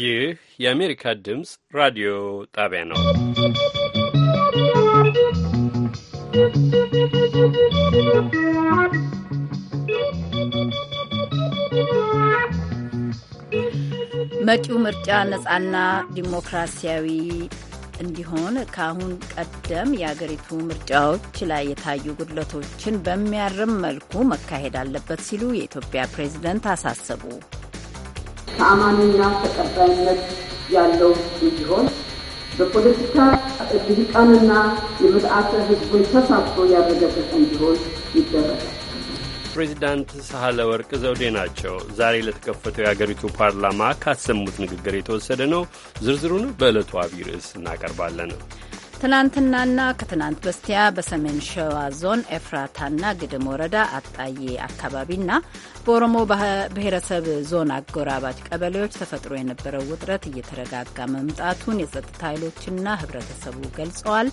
ይህ የአሜሪካ ድምፅ ራዲዮ ጣቢያ ነው። መጪው ምርጫ ነጻና ዲሞክራሲያዊ እንዲሆን ከአሁን ቀደም የአገሪቱ ምርጫዎች ላይ የታዩ ጉድለቶችን በሚያርም መልኩ መካሄድ አለበት ሲሉ የኢትዮጵያ ፕሬዝደንት አሳሰቡ። ተአማኒና ተቀባይነት ያለው እንዲሆን በፖለቲካ ልሂቃንና የምልአተ ህዝቡን ተሳትፎ ያደረገበት እንዲሆን ይደረጋል። ፕሬዚዳንት ሳህለ ወርቅ ዘውዴ ናቸው። ዛሬ ለተከፈተው የአገሪቱ ፓርላማ ካሰሙት ንግግር የተወሰደ ነው። ዝርዝሩን በዕለቱ አብይ ርዕስ እናቀርባለን። ትናንትናና ከትናንት በስቲያ በሰሜን ሸዋ ዞን ኤፍራታና ግድም ወረዳ አጣዬ አካባቢና በኦሮሞ ብሔረሰብ ዞን አጎራባች ቀበሌዎች ተፈጥሮ የነበረው ውጥረት እየተረጋጋ መምጣቱን የጸጥታ ኃይሎችና ህብረተሰቡ ገልጸዋል።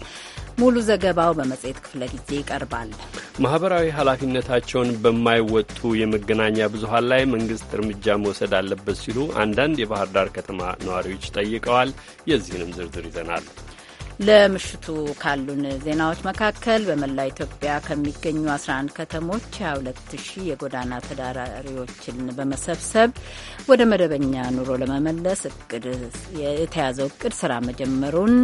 ሙሉ ዘገባው በመጽሔት ክፍለ ጊዜ ይቀርባል። ማህበራዊ ኃላፊነታቸውን በማይወጡ የመገናኛ ብዙሀን ላይ መንግስት እርምጃ መውሰድ አለበት ሲሉ አንዳንድ የባህር ዳር ከተማ ነዋሪዎች ጠይቀዋል። የዚህንም ዝርዝር ይዘናል። ለምሽቱ ካሉን ዜናዎች መካከል በመላ ኢትዮጵያ ከሚገኙ 11 ከተሞች 22 የጎዳና ተዳዳሪዎችን በመሰብሰብ ወደ መደበኛ ኑሮ ለመመለስ የተያዘው እቅድ ስራ መጀመሩን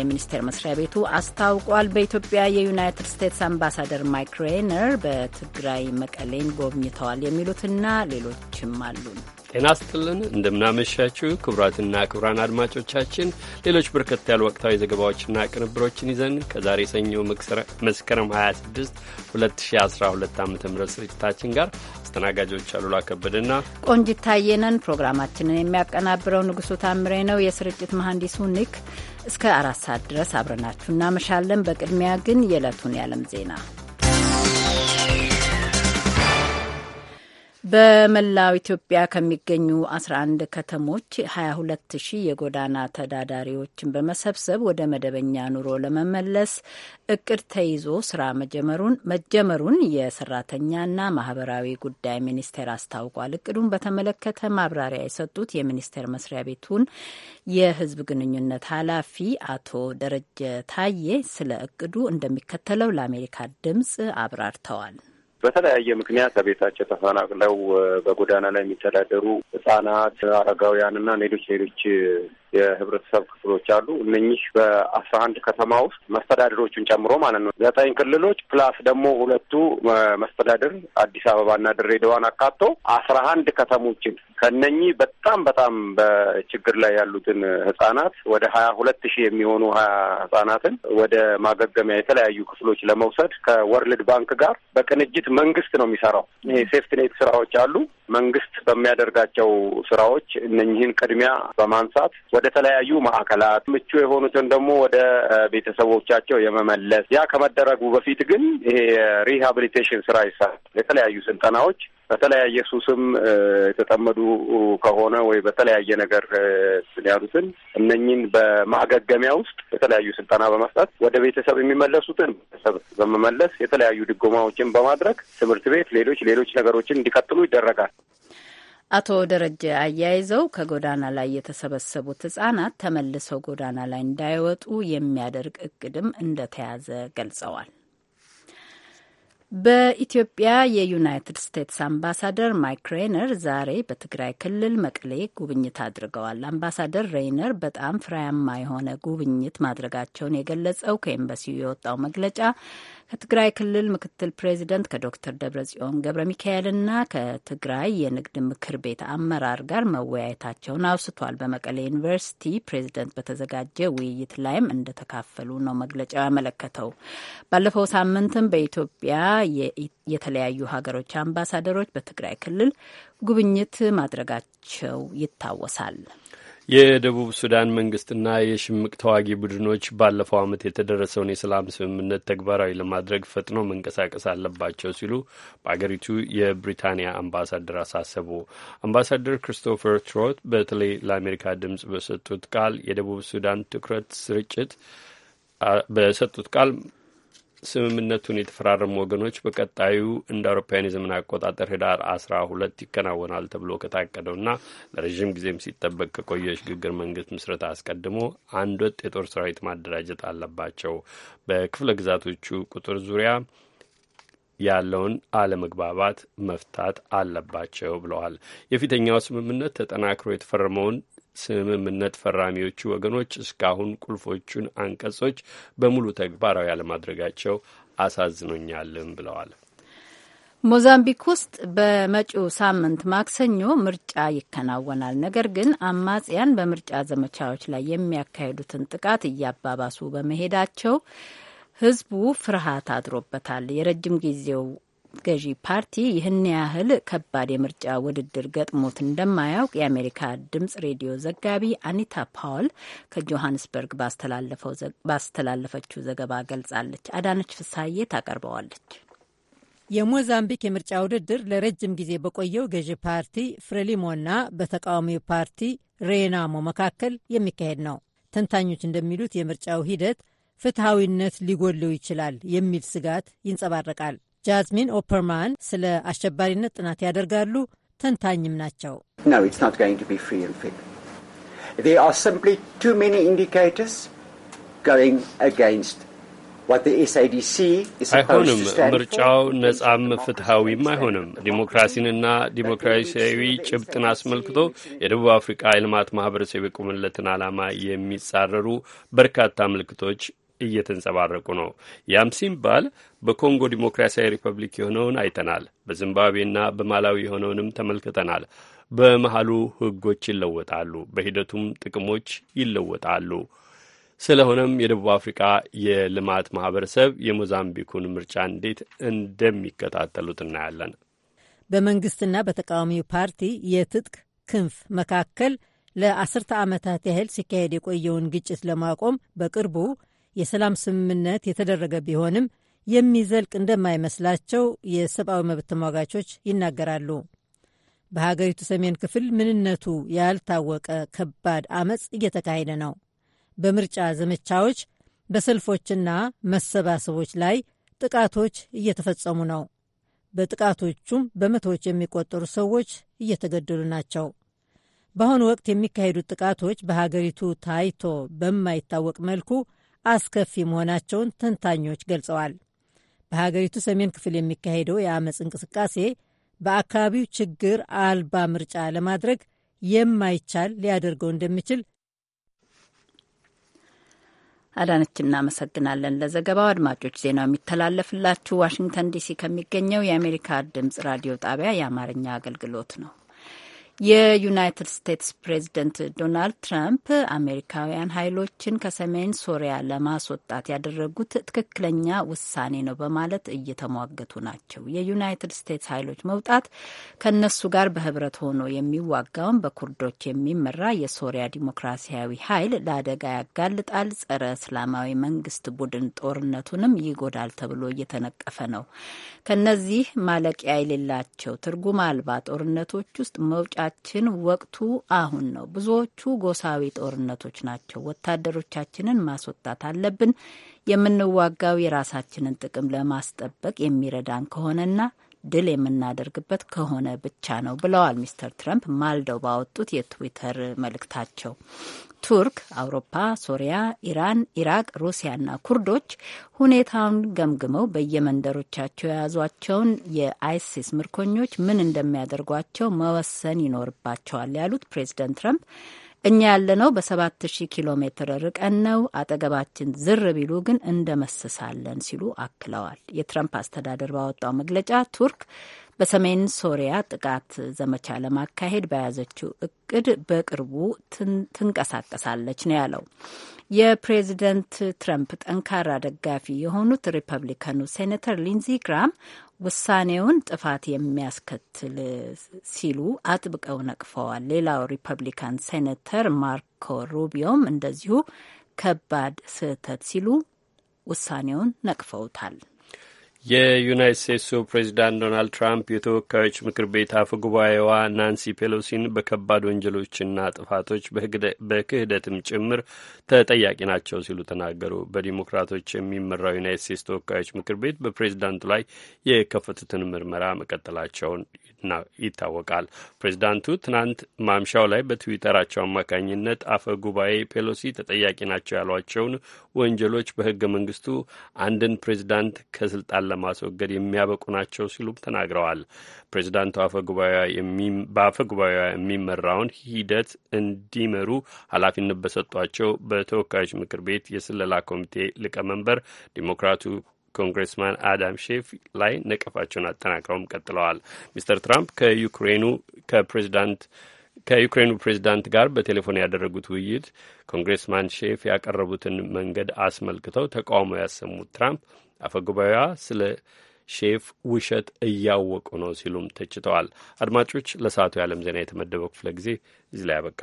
የሚኒስቴር መስሪያ ቤቱ አስታውቋል። በኢትዮጵያ የዩናይትድ ስቴትስ አምባሳደር ማይክ ሬነር በትግራይ መቀሌን ጎብኝተዋል። የሚሉትና ሌሎችም አሉን። ጤና ስጥልን እንደምናመሻችሁ ክቡራትና ክቡራን አድማጮቻችን ሌሎች በርከት ያሉ ወቅታዊ ዘገባዎችና ቅንብሮችን ይዘን ከዛሬ ሰኞ መስከረም 26 2012 ዓ ም ስርጭታችን ጋር አስተናጋጆች አሉላ ከበደና ቆንጂት ፕሮግራማችንን የሚያቀናብረው ንጉሱ ታምሬ ነው። የስርጭት መሐንዲሱ ኒክ። እስከ አራት ሰዓት ድረስ አብረናችሁ እናመሻለን። በቅድሚያ ግን የዕለቱን የዓለም ዜና በመላው ኢትዮጵያ ከሚገኙ 11 ከተሞች 22 ሺህ የጎዳና ተዳዳሪዎችን በመሰብሰብ ወደ መደበኛ ኑሮ ለመመለስ እቅድ ተይዞ ስራ መጀመሩን መጀመሩን የሰራተኛና ማህበራዊ ጉዳይ ሚኒስቴር አስታውቋል። እቅዱን በተመለከተ ማብራሪያ የሰጡት የሚኒስቴር መስሪያ ቤቱን የህዝብ ግንኙነት ኃላፊ አቶ ደረጀ ታዬ ስለ እቅዱ እንደሚከተለው ለአሜሪካ ድምጽ አብራርተዋል። በተለያየ ምክንያት ከቤታቸው ተፈናቅለው በጎዳና ላይ የሚተዳደሩ ህጻናት፣ አረጋውያን እና ሌሎች ሌሎች የህብረተሰብ ክፍሎች አሉ። እነኚህ በአስራ አንድ ከተማ ውስጥ መስተዳድሮችን ጨምሮ ማለት ነው ዘጠኝ ክልሎች ፕላስ ደግሞ ሁለቱ መስተዳድር አዲስ አበባና ድሬዳዋን አካቶ አስራ አንድ ከተሞችን ከነኚህ በጣም በጣም በችግር ላይ ያሉትን ህጻናት ወደ ሀያ ሁለት ሺህ የሚሆኑ ሀያ ህጻናትን ወደ ማገገሚያ የተለያዩ ክፍሎች ለመውሰድ ከወርልድ ባንክ ጋር በቅንጅት መንግስት ነው የሚሰራው። ይሄ ሴፍትኔት ስራዎች አሉ። መንግስት በሚያደርጋቸው ስራዎች እነኚህን ቅድሚያ በማንሳት ወደ ተለያዩ ማዕከላት ምቹ የሆኑትን ደግሞ ወደ ቤተሰቦቻቸው የመመለስ ያ ከመደረጉ በፊት ግን ይሄ የሪሃብሊቴሽን ስራ ይሰራል። የተለያዩ ስልጠናዎች በተለያየ ሱስም የተጠመዱ ከሆነ ወይ በተለያየ ነገር ያሉትን እነኝን በማገገሚያ ውስጥ የተለያዩ ስልጠና በመስጠት ወደ ቤተሰብ የሚመለሱትን ቤተሰብ በመመለስ የተለያዩ ድጎማዎችን በማድረግ ትምህርት ቤት፣ ሌሎች ሌሎች ነገሮችን እንዲቀጥሉ ይደረጋል። አቶ ደረጀ አያይዘው ከጎዳና ላይ የተሰበሰቡት ህጻናት ተመልሰው ጎዳና ላይ እንዳይወጡ የሚያደርግ እቅድም እንደተያዘ ገልጸዋል። በኢትዮጵያ የዩናይትድ ስቴትስ አምባሳደር ማይክ ሬይነር ዛሬ በትግራይ ክልል መቀሌ ጉብኝት አድርገዋል። አምባሳደር ሬይነር በጣም ፍሬያማ የሆነ ጉብኝት ማድረጋቸውን የገለጸው ከኤምባሲው የወጣው መግለጫ ከትግራይ ክልል ምክትል ፕሬዚደንት ከዶክተር ደብረጽዮን ገብረ ሚካኤልና ከትግራይ የንግድ ምክር ቤት አመራር ጋር መወያየታቸውን አውስቷል። በመቀሌ ዩኒቨርሲቲ ፕሬዚደንት በተዘጋጀ ውይይት ላይም እንደተካፈሉ ነው መግለጫው ያመለከተው። ባለፈው ሳምንትም በኢትዮጵያ የተለያዩ ሀገሮች አምባሳደሮች በትግራይ ክልል ጉብኝት ማድረጋቸው ይታወሳል። የደቡብ ሱዳን መንግስትና የሽምቅ ተዋጊ ቡድኖች ባለፈው ዓመት የተደረሰውን የሰላም ስምምነት ተግባራዊ ለማድረግ ፈጥኖ መንቀሳቀስ አለባቸው ሲሉ በአገሪቱ የብሪታንያ አምባሳደር አሳሰቡ። አምባሳደር ክሪስቶፈር ትሮት በተለይ ለአሜሪካ ድምጽ በሰጡት ቃል የደቡብ ሱዳን ትኩረት ስርጭት በሰጡት ቃል ስምምነቱን የተፈራረሙ ወገኖች በቀጣዩ እንደ አውሮፓውያን የዘመን አቆጣጠር ህዳር አስራ ሁለት ይከናወናል ተብሎ ከታቀደውና ለረዥም ጊዜም ሲጠበቅ ከቆየ ሽግግር መንግስት ምስረታ አስቀድሞ አንድ ወጥ የጦር ሰራዊት ማደራጀት አለባቸው። በክፍለ ግዛቶቹ ቁጥር ዙሪያ ያለውን አለመግባባት መፍታት አለባቸው ብለዋል። የፊተኛው ስምምነት ተጠናክሮ የተፈረመውን ስምምነት ፈራሚዎቹ ወገኖች እስካሁን ቁልፎቹን አንቀጾች በሙሉ ተግባራዊ አለማድረጋቸው አሳዝኖኛልም ብለዋል። ሞዛምቢክ ውስጥ በመጪው ሳምንት ማክሰኞ ምርጫ ይከናወናል። ነገር ግን አማጽያን በምርጫ ዘመቻዎች ላይ የሚያካሂዱትን ጥቃት እያባባሱ በመሄዳቸው ህዝቡ ፍርሃት አድሮበታል። የረጅም ጊዜው ገዢ ፓርቲ ይህን ያህል ከባድ የምርጫ ውድድር ገጥሞት እንደማያውቅ የአሜሪካ ድምጽ ሬዲዮ ዘጋቢ አኒታ ፓውል ከጆሃንስበርግ ባስተላለፈችው ዘገባ ገልጻለች። አዳነች ፍሳዬ ታቀርበዋለች። የሞዛምቢክ የምርጫ ውድድር ለረጅም ጊዜ በቆየው ገዢ ፓርቲ ፍሬሊሞና በተቃዋሚው ፓርቲ ሬናሞ መካከል የሚካሄድ ነው። ተንታኞች እንደሚሉት የምርጫው ሂደት ፍትሐዊነት ሊጎለው ይችላል የሚል ስጋት ይንጸባረቃል። ጃዝሚን ኦፐርማን ስለ አሸባሪነት ጥናት ያደርጋሉ፣ ተንታኝም ናቸው። አይሆንም። ምርጫው ነጻም ፍትሐዊም አይሆንም። ዲሞክራሲንና ዲሞክራሲያዊ ጭብጥን አስመልክቶ የደቡብ አፍሪቃ የልማት ማህበረሰብ የቆመለትን ዓላማ የሚጻረሩ በርካታ ምልክቶች እየተንጸባረቁ ነው። ያም ሲባል በኮንጎ ዲሞክራሲያዊ ሪፐብሊክ የሆነውን አይተናል። በዚምባብዌና በማላዊ የሆነውንም ተመልክተናል። በመሀሉ ህጎች ይለወጣሉ፣ በሂደቱም ጥቅሞች ይለወጣሉ። ስለሆነም የደቡብ አፍሪካ የልማት ማህበረሰብ የሞዛምቢኩን ምርጫ እንዴት እንደሚከታተሉት እናያለን። በመንግስትና በተቃዋሚው ፓርቲ የትጥቅ ክንፍ መካከል ለአስርተ ዓመታት ያህል ሲካሄድ የቆየውን ግጭት ለማቆም በቅርቡ የሰላም ስምምነት የተደረገ ቢሆንም የሚዘልቅ እንደማይመስላቸው የሰብአዊ መብት ተሟጋቾች ይናገራሉ። በሀገሪቱ ሰሜን ክፍል ምንነቱ ያልታወቀ ከባድ አመፅ እየተካሄደ ነው። በምርጫ ዘመቻዎች፣ በሰልፎችና መሰባሰቦች ላይ ጥቃቶች እየተፈጸሙ ነው። በጥቃቶቹም በመቶዎች የሚቆጠሩ ሰዎች እየተገደሉ ናቸው። በአሁኑ ወቅት የሚካሄዱት ጥቃቶች በሀገሪቱ ታይቶ በማይታወቅ መልኩ አስከፊ መሆናቸውን ተንታኞች ገልጸዋል። በሀገሪቱ ሰሜን ክፍል የሚካሄደው የአመፅ እንቅስቃሴ በአካባቢው ችግር አልባ ምርጫ ለማድረግ የማይቻል ሊያደርገው እንደሚችል አዳነች፣ እናመሰግናለን ለዘገባው። አድማጮች ዜናው የሚተላለፍላችሁ ዋሽንግተን ዲሲ ከሚገኘው የአሜሪካ ድምጽ ራዲዮ ጣቢያ የአማርኛ አገልግሎት ነው። የዩናይትድ ስቴትስ ፕሬዝደንት ዶናልድ ትራምፕ አሜሪካውያን ኃይሎችን ከሰሜን ሶሪያ ለማስወጣት ያደረጉት ትክክለኛ ውሳኔ ነው በማለት እየተሟገቱ ናቸው። የዩናይትድ ስቴትስ ኃይሎች መውጣት ከእነሱ ጋር በህብረት ሆኖ የሚዋጋውን በኩርዶች የሚመራ የሶሪያ ዲሞክራሲያዊ ኃይል ለአደጋ ያጋልጣል፣ ጸረ እስላማዊ መንግስት ቡድን ጦርነቱንም ይጎዳል ተብሎ እየተነቀፈ ነው። ከነዚህ ማለቂያ የሌላቸው ትርጉም አልባ ጦርነቶች ውስጥ መውጫ በሀገራችን ወቅቱ አሁን ነው። ብዙዎቹ ጎሳዊ ጦርነቶች ናቸው። ወታደሮቻችንን ማስወጣት አለብን። የምንዋጋው የራሳችንን ጥቅም ለማስጠበቅ የሚረዳን ከሆነና ድል የምናደርግበት ከሆነ ብቻ ነው ብለዋል ሚስተር ትረምፕ ማልደው ባወጡት የትዊተር መልእክታቸው። ቱርክ፣ አውሮፓ፣ ሶሪያ፣ ኢራን፣ ኢራቅ፣ ሩሲያና ኩርዶች ሁኔታውን ገምግመው በየመንደሮቻቸው የያዟቸውን የአይሲስ ምርኮኞች ምን እንደሚያደርጓቸው መወሰን ይኖርባቸዋል ያሉት ፕሬዚደንት ትራምፕ እኛ ያለነው በሰባት ሺህ ኪሎ ሜትር ርቀን ነው። አጠገባችን ዝር ቢሉ ግን እንደመስሳለን ሲሉ አክለዋል። የትረምፕ አስተዳደር ባወጣው መግለጫ ቱርክ በሰሜን ሶሪያ ጥቃት ዘመቻ ለማካሄድ በያዘችው እቅድ በቅርቡ ትንቀሳቀሳለች ነው ያለው። የፕሬዚደንት ትረምፕ ጠንካራ ደጋፊ የሆኑት ሪፐብሊካኑ ሴኔተር ሊንዚ ግራም ውሳኔውን ጥፋት የሚያስከትል ሲሉ አጥብቀው ነቅፈዋል። ሌላው ሪፐብሊካን ሴኔተር ማርኮ ሩቢዮም እንደዚሁ ከባድ ስህተት ሲሉ ውሳኔውን ነቅፈውታል። የዩናይት ስቴትሱ ፕሬዚዳንት ዶናልድ ትራምፕ የተወካዮች ምክር ቤት አፈ ጉባኤዋ ናንሲ ፔሎሲን በከባድ ወንጀሎችና ጥፋቶች በክህደትም ጭምር ተጠያቂ ናቸው ሲሉ ተናገሩ። በዲሞክራቶች የሚመራው ዩናይት ስቴትስ ተወካዮች ምክር ቤት በፕሬዚዳንቱ ላይ የከፈቱትን ምርመራ መቀጠላቸውን ይታወቃል። ፕሬዚዳንቱ ትናንት ማምሻው ላይ በትዊተራቸው አማካኝነት አፈ ጉባኤ ፔሎሲ ተጠያቂ ናቸው ያሏቸውን ወንጀሎች በህገ መንግስቱ አንድን ፕሬዚዳንት ከስልጣን ለማስወገድ የሚያበቁ ናቸው ሲሉም ተናግረዋል። ፕሬዚዳንቱ በአፈ ጉባኤዋ የሚመራውን ሂደት እንዲመሩ ኃላፊነት በሰጧቸው በተወካዮች ምክር ቤት የስለላ ኮሚቴ ሊቀመንበር ዲሞክራቱ ኮንግሬስማን አዳም ሼፍ ላይ ነቀፋቸውን አጠናቅረውም ቀጥለዋል። ሚስተር ትራምፕ ከዩክሬኑ ከፕሬዚዳንት ከዩክሬኑ ፕሬዚዳንት ጋር በቴሌፎን ያደረጉት ውይይት ኮንግሬስማን ሼፍ ያቀረቡትን መንገድ አስመልክተው ተቃውሞ ያሰሙት ትራምፕ አፈጉባኤዋ ስለ ሼፍ ውሸት እያወቁ ነው ሲሉም ተችተዋል። አድማጮች፣ ለሰዓቱ የዓለም ዜና የተመደበው ክፍለ ጊዜ እዚህ ላይ ያበቃ።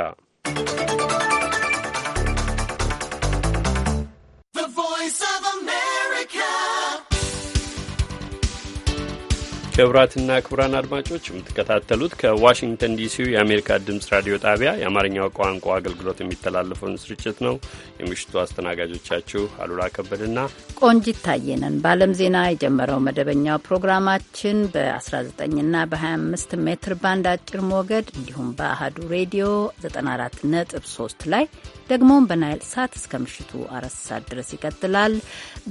ክቡራትና ክቡራን አድማጮች የምትከታተሉት ከዋሽንግተን ዲሲው የአሜሪካ ድምፅ ራዲዮ ጣቢያ የአማርኛው ቋንቋ አገልግሎት የሚተላለፈውን ስርጭት ነው። የምሽቱ አስተናጋጆቻችሁ አሉላ ከበድና ቆንጂት ታየነን። በዓለም ዜና የጀመረው መደበኛው ፕሮግራማችን በ19ና በ25 ሜትር ባንድ አጭር ሞገድ እንዲሁም በአህዱ ሬዲዮ 94.3 ላይ ደግሞም በናይል ሳት እስከ ምሽቱ አራት ሰዓት ድረስ ይቀጥላል።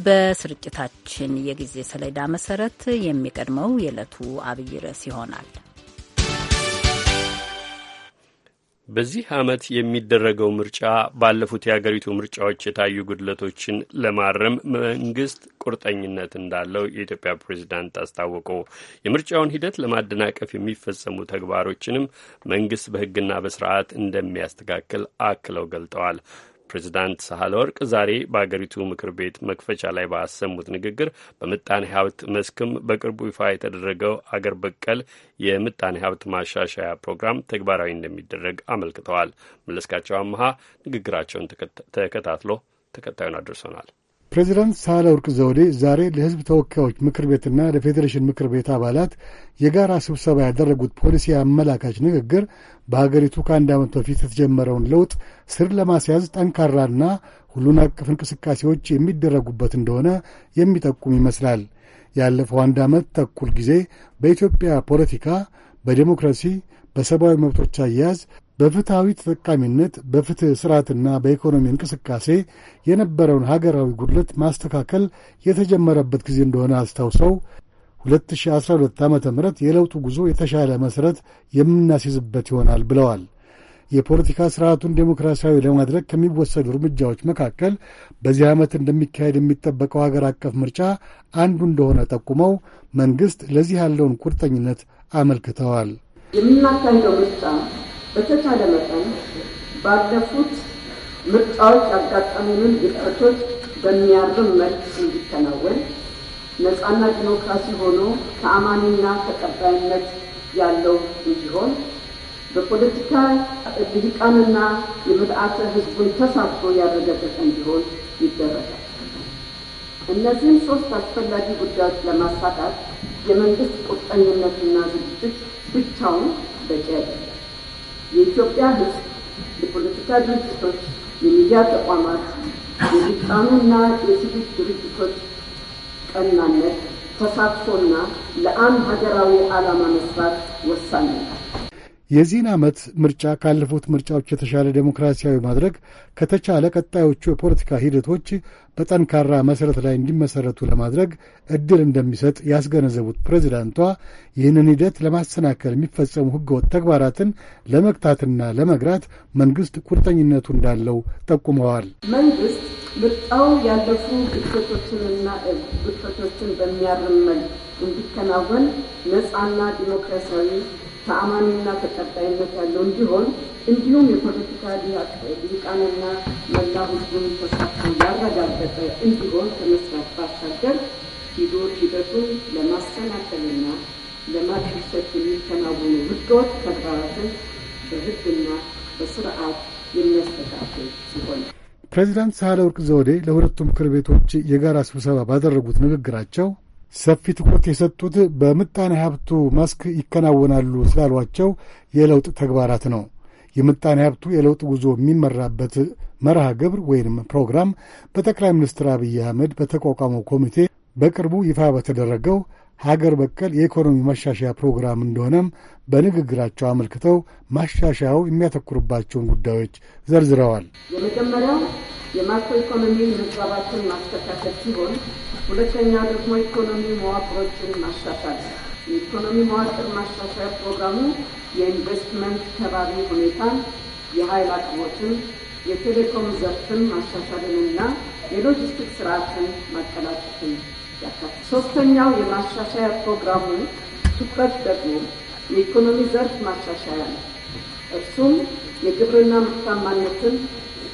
በስርጭታችን የጊዜ ሰሌዳ መሰረት የሚቀድመው የዕለቱ አብይ ርዕስ ይሆናል። በዚህ ዓመት የሚደረገው ምርጫ ባለፉት የአገሪቱ ምርጫዎች የታዩ ጉድለቶችን ለማረም መንግስት ቁርጠኝነት እንዳለው የኢትዮጵያ ፕሬዚዳንት አስታወቁ። የምርጫውን ሂደት ለማደናቀፍ የሚፈጸሙ ተግባሮችንም መንግስት በሕግና በስርዓት እንደሚያስተካክል አክለው ገልጠዋል። ፕሬዚዳንት ሳህለ ወርቅ ዛሬ በአገሪቱ ምክር ቤት መክፈቻ ላይ ባሰሙት ንግግር በምጣኔ ሀብት መስክም በቅርቡ ይፋ የተደረገው አገር በቀል የምጣኔ ሀብት ማሻሻያ ፕሮግራም ተግባራዊ እንደሚደረግ አመልክተዋል። መለስካቸው አመሀ ንግግራቸውን ተከታትሎ ተከታዩን አድርሶናል። ፕሬዚዳንት ሳህለወርቅ ዘውዴ ዛሬ ለሕዝብ ተወካዮች ምክር ቤትና ለፌዴሬሽን ምክር ቤት አባላት የጋራ ስብሰባ ያደረጉት ፖሊሲ አመላካች ንግግር በሀገሪቱ ከአንድ ዓመት በፊት የተጀመረውን ለውጥ ስር ለማስያዝ ጠንካራና ሁሉን አቀፍ እንቅስቃሴዎች የሚደረጉበት እንደሆነ የሚጠቁም ይመስላል። ያለፈው አንድ ዓመት ተኩል ጊዜ በኢትዮጵያ ፖለቲካ፣ በዴሞክራሲ፣ በሰብአዊ መብቶች አያያዝ በፍትሐዊ ተጠቃሚነት በፍትሕ ሥርዓትና በኢኮኖሚ እንቅስቃሴ የነበረውን ሀገራዊ ጉድለት ማስተካከል የተጀመረበት ጊዜ እንደሆነ አስታውሰው 2012 ዓ ም የለውጡ ጉዞ የተሻለ መሠረት የምናስይዝበት ይሆናል ብለዋል። የፖለቲካ ሥርዓቱን ዴሞክራሲያዊ ለማድረግ ከሚወሰዱ እርምጃዎች መካከል በዚህ ዓመት እንደሚካሄድ የሚጠበቀው ሀገር አቀፍ ምርጫ አንዱ እንደሆነ ጠቁመው መንግሥት ለዚህ ያለውን ቁርጠኝነት አመልክተዋል። የምናካሄደው ምርጫ በተቻለ መጠን ባለፉት ምርጫዎች ያጋጠሙንን ግጭቶች በሚያርም መልክ እንዲከናወን ነፃና ዲሞክራሲ ሆኖ ተአማኒና ተቀባይነት ያለው እንዲሆን በፖለቲካ ልሂቃንና የምልአተ ሕዝቡን ተሳትፎ ያረጋገጠ እንዲሆን ይደረጋል። እነዚህን ሶስት አስፈላጊ ጉዳዮች ለማሳካት የመንግስት ቁርጠኝነትና ዝግጅት ብቻውን በቂ አይደለም። የኢትዮጵያ ሕዝብ የፖለቲካ ድርጅቶች፣ የሚዲያ ተቋማት፣ የፍጻሜና የሲቪክ ድርጅቶች ቀናነት፣ ተሳትፎና ለአንድ ሀገራዊ ዓላማ መስራት ወሳኝ ነው። የዚህን ዓመት ምርጫ ካለፉት ምርጫዎች የተሻለ ዴሞክራሲያዊ ማድረግ ከተቻለ ቀጣዮቹ የፖለቲካ ሂደቶች በጠንካራ መሠረት ላይ እንዲመሠረቱ ለማድረግ ዕድል እንደሚሰጥ ያስገነዘቡት ፕሬዚዳንቷ ይህንን ሂደት ለማሰናከል የሚፈጸሙ ሕገወጥ ተግባራትን ለመግታትና ለመግራት መንግሥት ቁርጠኝነቱ እንዳለው ጠቁመዋል። መንግሥት ምርጫው ያለፉ ግድፈቶችንና ግድፈቶችን በሚያርም መልክ እንዲከናወን ነጻና ዲሞክራሲያዊ ተአማኒና ተቀጣይነት ያለው እንዲሆን እንዲሁም የፖለቲካ ሊቃንና መላ ህዝቡን ተሳትፎ ያረጋገጠ እንዲሆን ከመስራት ባሻገር ሂደቱን ለማሰናከልና ለማቅሸት የሚከናወኑ ሕገወጥ ተግባራትን በህግና በስርዓት የሚያስተካክል ሲሆን ፕሬዚዳንት ሳህለወርቅ ዘውዴ ለሁለቱ ምክር ቤቶች የጋራ ስብሰባ ባደረጉት ንግግራቸው ሰፊ ትኩረት የሰጡት በምጣኔ ሀብቱ መስክ ይከናወናሉ ስላሏቸው የለውጥ ተግባራት ነው። የምጣኔ ሀብቱ የለውጥ ጉዞ የሚመራበት መርሃ ግብር ወይም ፕሮግራም በጠቅላይ ሚኒስትር አብይ አህመድ በተቋቋመው ኮሚቴ በቅርቡ ይፋ በተደረገው ሀገር በቀል የኢኮኖሚ ማሻሻያ ፕሮግራም እንደሆነም በንግግራቸው አመልክተው ማሻሻያው የሚያተኩርባቸውን ጉዳዮች ዘርዝረዋል። የመጀመሪያው የማክሮ ኢኮኖሚ ምዝባባችን ማስተካከል ሲሆን፣ ሁለተኛ ደግሞ ኢኮኖሚ መዋቅሮችን ማሻሻል። የኢኮኖሚ መዋቅር ማሻሻያ ፕሮግራሙ የኢንቨስትመንት ከባቢ ሁኔታን፣ የኃይል አቅርቦትን፣ የቴሌኮም ዘርፍን ማሻሻልንና የሎጂስቲክ ስርዓትን ማቀላጠፍን ሶስተኛው የማሻሻያ ፕሮግራሙ ትኩረት ደግሞ የኢኮኖሚ ዘርፍ ማሻሻያ ነው። እርሱም የግብርና ምርታማነትን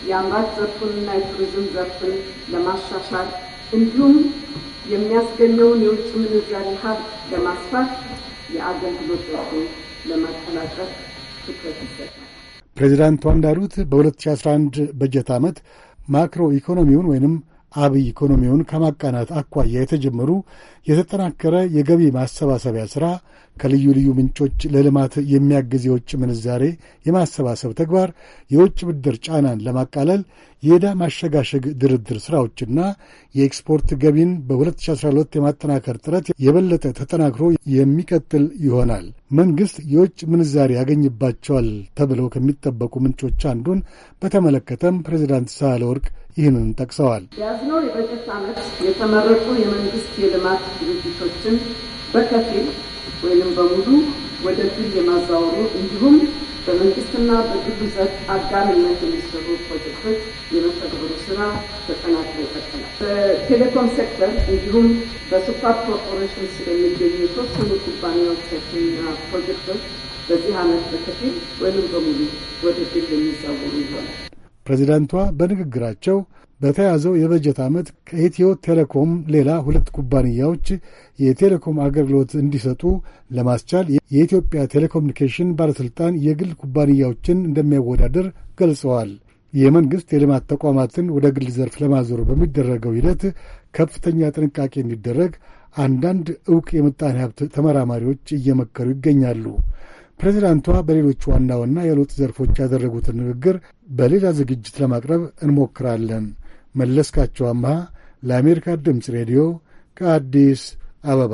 የአምራች ዘርፉንና የቱሪዝም ዘርፍን ለማሻሻል እንዲሁም የሚያስገኘውን የውጭ ምንዛሪ ሀብት ለማስፋት የአገልግሎት ዘርፉን ለማቀላጠፍ ትኩረት ይሰጣል። ፕሬዚዳንቷ እንዳሉት በ2011 በጀት ዓመት ማክሮ ኢኮኖሚውን ወይንም አብይ ኢኮኖሚውን ከማቃናት አኳያ የተጀመሩ የተጠናከረ የገቢ ማሰባሰቢያ ሥራ፣ ከልዩ ልዩ ምንጮች ለልማት የሚያግዝ የውጭ ምንዛሬ የማሰባሰብ ተግባር፣ የውጭ ብድር ጫናን ለማቃለል የዕዳ ማሸጋሸግ ድርድር ሥራዎችና የኤክስፖርት ገቢን በ2012 የማጠናከር ጥረት የበለጠ ተጠናክሮ የሚቀጥል ይሆናል። መንግሥት የውጭ ምንዛሪ ያገኝባቸዋል ተብለው ከሚጠበቁ ምንጮች አንዱን በተመለከተም ፕሬዚዳንት ሳህለወርቅ ይህንን ጠቅሰዋል። ያዝነው የበጀት ዓመት የተመረጡ የመንግስት የልማት ድርጅቶችን በከፊል ወይም በሙሉ ወደ የማዛወሩ እንዲሁም በመንግስትና በግሉ ዘርፍ አጋርነት የሚሰሩ ፕሮጀክቶች የመተግበሩ ስራ ተጠናክሮ ይቀጥላል። በቴሌኮም ሴክተር እንዲሁም በሱፐር ኮርፖሬሽን ስለሚገኙ የተወሰኑ ኩባንያዎችና ፕሮጀክቶች በዚህ ዓመት በከፊል ወይም በሙሉ ወደ የሚዛወሩ ይሆናል። ፕሬዚዳንቷ በንግግራቸው በተያዘው የበጀት ዓመት ከኢትዮ ቴሌኮም ሌላ ሁለት ኩባንያዎች የቴሌኮም አገልግሎት እንዲሰጡ ለማስቻል የኢትዮጵያ ቴሌኮሙኒኬሽን ባለሥልጣን የግል ኩባንያዎችን እንደሚያወዳደር ገልጸዋል። የመንግሥት የልማት ተቋማትን ወደ ግል ዘርፍ ለማዞር በሚደረገው ሂደት ከፍተኛ ጥንቃቄ እንዲደረግ አንዳንድ ዕውቅ የምጣኔ ሀብት ተመራማሪዎች እየመከሩ ይገኛሉ። ፕሬዚዳንቷ በሌሎች ዋና ዋና የለውጥ ዘርፎች ያደረጉትን ንግግር በሌላ ዝግጅት ለማቅረብ እንሞክራለን። መለስካቸው አምሃ ለአሜሪካ ድምፅ ሬዲዮ ከአዲስ አበባ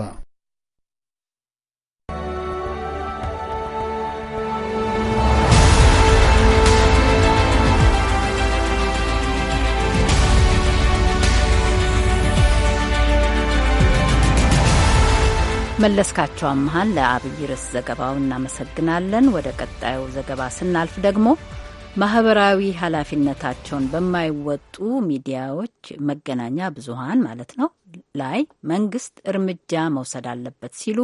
መለስካቸው አመሃን ለአብይ ርዕስ ዘገባው እናመሰግናለን። ወደ ቀጣዩ ዘገባ ስናልፍ ደግሞ ማህበራዊ ኃላፊነታቸውን በማይወጡ ሚዲያዎች መገናኛ ብዙሃን ማለት ነው ላይ መንግስት እርምጃ መውሰድ አለበት ሲሉ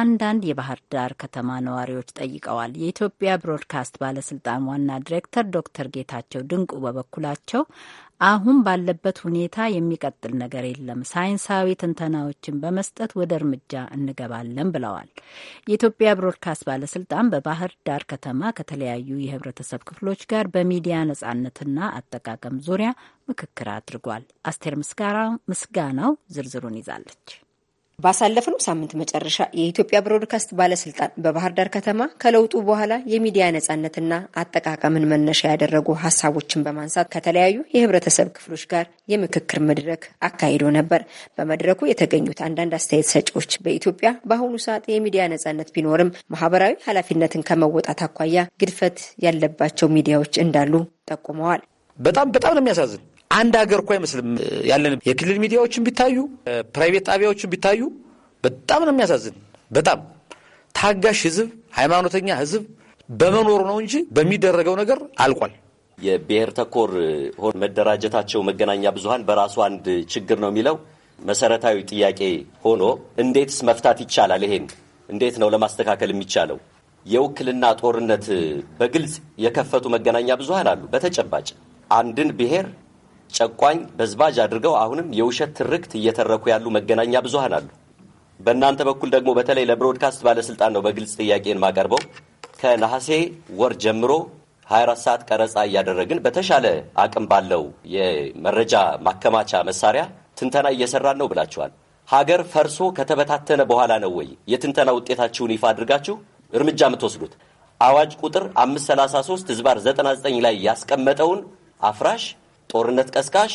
አንዳንድ የባህር ዳር ከተማ ነዋሪዎች ጠይቀዋል። የኢትዮጵያ ብሮድካስት ባለስልጣን ዋና ዲሬክተር ዶክተር ጌታቸው ድንቁ በበኩላቸው አሁን ባለበት ሁኔታ የሚቀጥል ነገር የለም። ሳይንሳዊ ትንተናዎችን በመስጠት ወደ እርምጃ እንገባለን ብለዋል። የኢትዮጵያ ብሮድካስት ባለስልጣን በባህር ዳር ከተማ ከተለያዩ የህብረተሰብ ክፍሎች ጋር በሚዲያ ነጻነትና አጠቃቀም ዙሪያ ምክክር አድርጓል። አስቴር ምስጋናው ዝርዝሩን ይዛለች። ባሳለፍነው ሳምንት መጨረሻ የኢትዮጵያ ብሮድካስት ባለስልጣን በባህር ዳር ከተማ ከለውጡ በኋላ የሚዲያ ነጻነትና አጠቃቀምን መነሻ ያደረጉ ሀሳቦችን በማንሳት ከተለያዩ የህብረተሰብ ክፍሎች ጋር የምክክር መድረክ አካሂዶ ነበር። በመድረኩ የተገኙት አንዳንድ አስተያየት ሰጪዎች በኢትዮጵያ በአሁኑ ሰዓት የሚዲያ ነጻነት ቢኖርም ማህበራዊ ኃላፊነትን ከመወጣት አኳያ ግድፈት ያለባቸው ሚዲያዎች እንዳሉ ጠቁመዋል። በጣም በጣም ነው የሚያሳዝን አንድ ሀገር እኮ አይመስልም ያለን። የክልል ሚዲያዎችን ቢታዩ፣ ፕራይቬት ጣቢያዎችን ቢታዩ በጣም ነው የሚያሳዝን። በጣም ታጋሽ ህዝብ፣ ሃይማኖተኛ ህዝብ በመኖሩ ነው እንጂ በሚደረገው ነገር አልቋል። የብሔር ተኮር ሆን መደራጀታቸው መገናኛ ብዙሃን በራሱ አንድ ችግር ነው የሚለው መሰረታዊ ጥያቄ ሆኖ እንዴትስ መፍታት ይቻላል? ይሄን እንዴት ነው ለማስተካከል የሚቻለው? የውክልና ጦርነት በግልጽ የከፈቱ መገናኛ ብዙሃን አሉ። በተጨባጭ አንድን ብሔር ጨቋኝ፣ በዝባጅ አድርገው አሁንም የውሸት ትርክት እየተረኩ ያሉ መገናኛ ብዙሃን አሉ። በእናንተ በኩል ደግሞ በተለይ ለብሮድካስት ባለስልጣን ነው በግልጽ ጥያቄን ማቀርበው። ከነሐሴ ወር ጀምሮ 24 ሰዓት ቀረጻ እያደረግን በተሻለ አቅም ባለው የመረጃ ማከማቻ መሳሪያ ትንተና እየሰራን ነው ብላችኋል። ሀገር ፈርሶ ከተበታተነ በኋላ ነው ወይ የትንተና ውጤታችሁን ይፋ አድርጋችሁ እርምጃ የምትወስዱት? አዋጅ ቁጥር 533 ዝባር 99 ላይ ያስቀመጠውን አፍራሽ ጦርነት ቀስቃሽ፣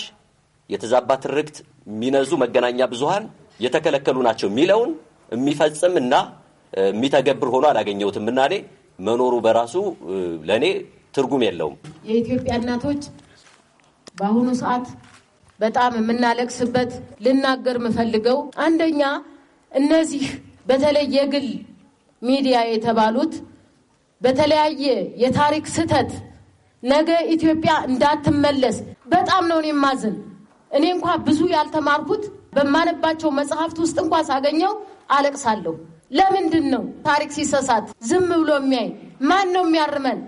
የተዛባ ትርክት የሚነዙ መገናኛ ብዙሃን የተከለከሉ ናቸው የሚለውን የሚፈጽም እና የሚተገብር ሆኖ አላገኘሁትም እና እኔ መኖሩ በራሱ ለእኔ ትርጉም የለውም። የኢትዮጵያ እናቶች በአሁኑ ሰዓት በጣም የምናለቅስበት ልናገር የምፈልገው አንደኛ እነዚህ በተለይ የግል ሚዲያ የተባሉት በተለያየ የታሪክ ስህተት ነገ ኢትዮጵያ እንዳትመለስ በጣም ነው እኔ የማዝን። እኔ እንኳ ብዙ ያልተማርኩት በማነባቸው መጽሐፍት ውስጥ እንኳ ሳገኘው አለቅሳለሁ። ለምንድን ነው ታሪክ ሲሰሳት ዝም ብሎ የሚያይ? ማን ነው የሚያርመን?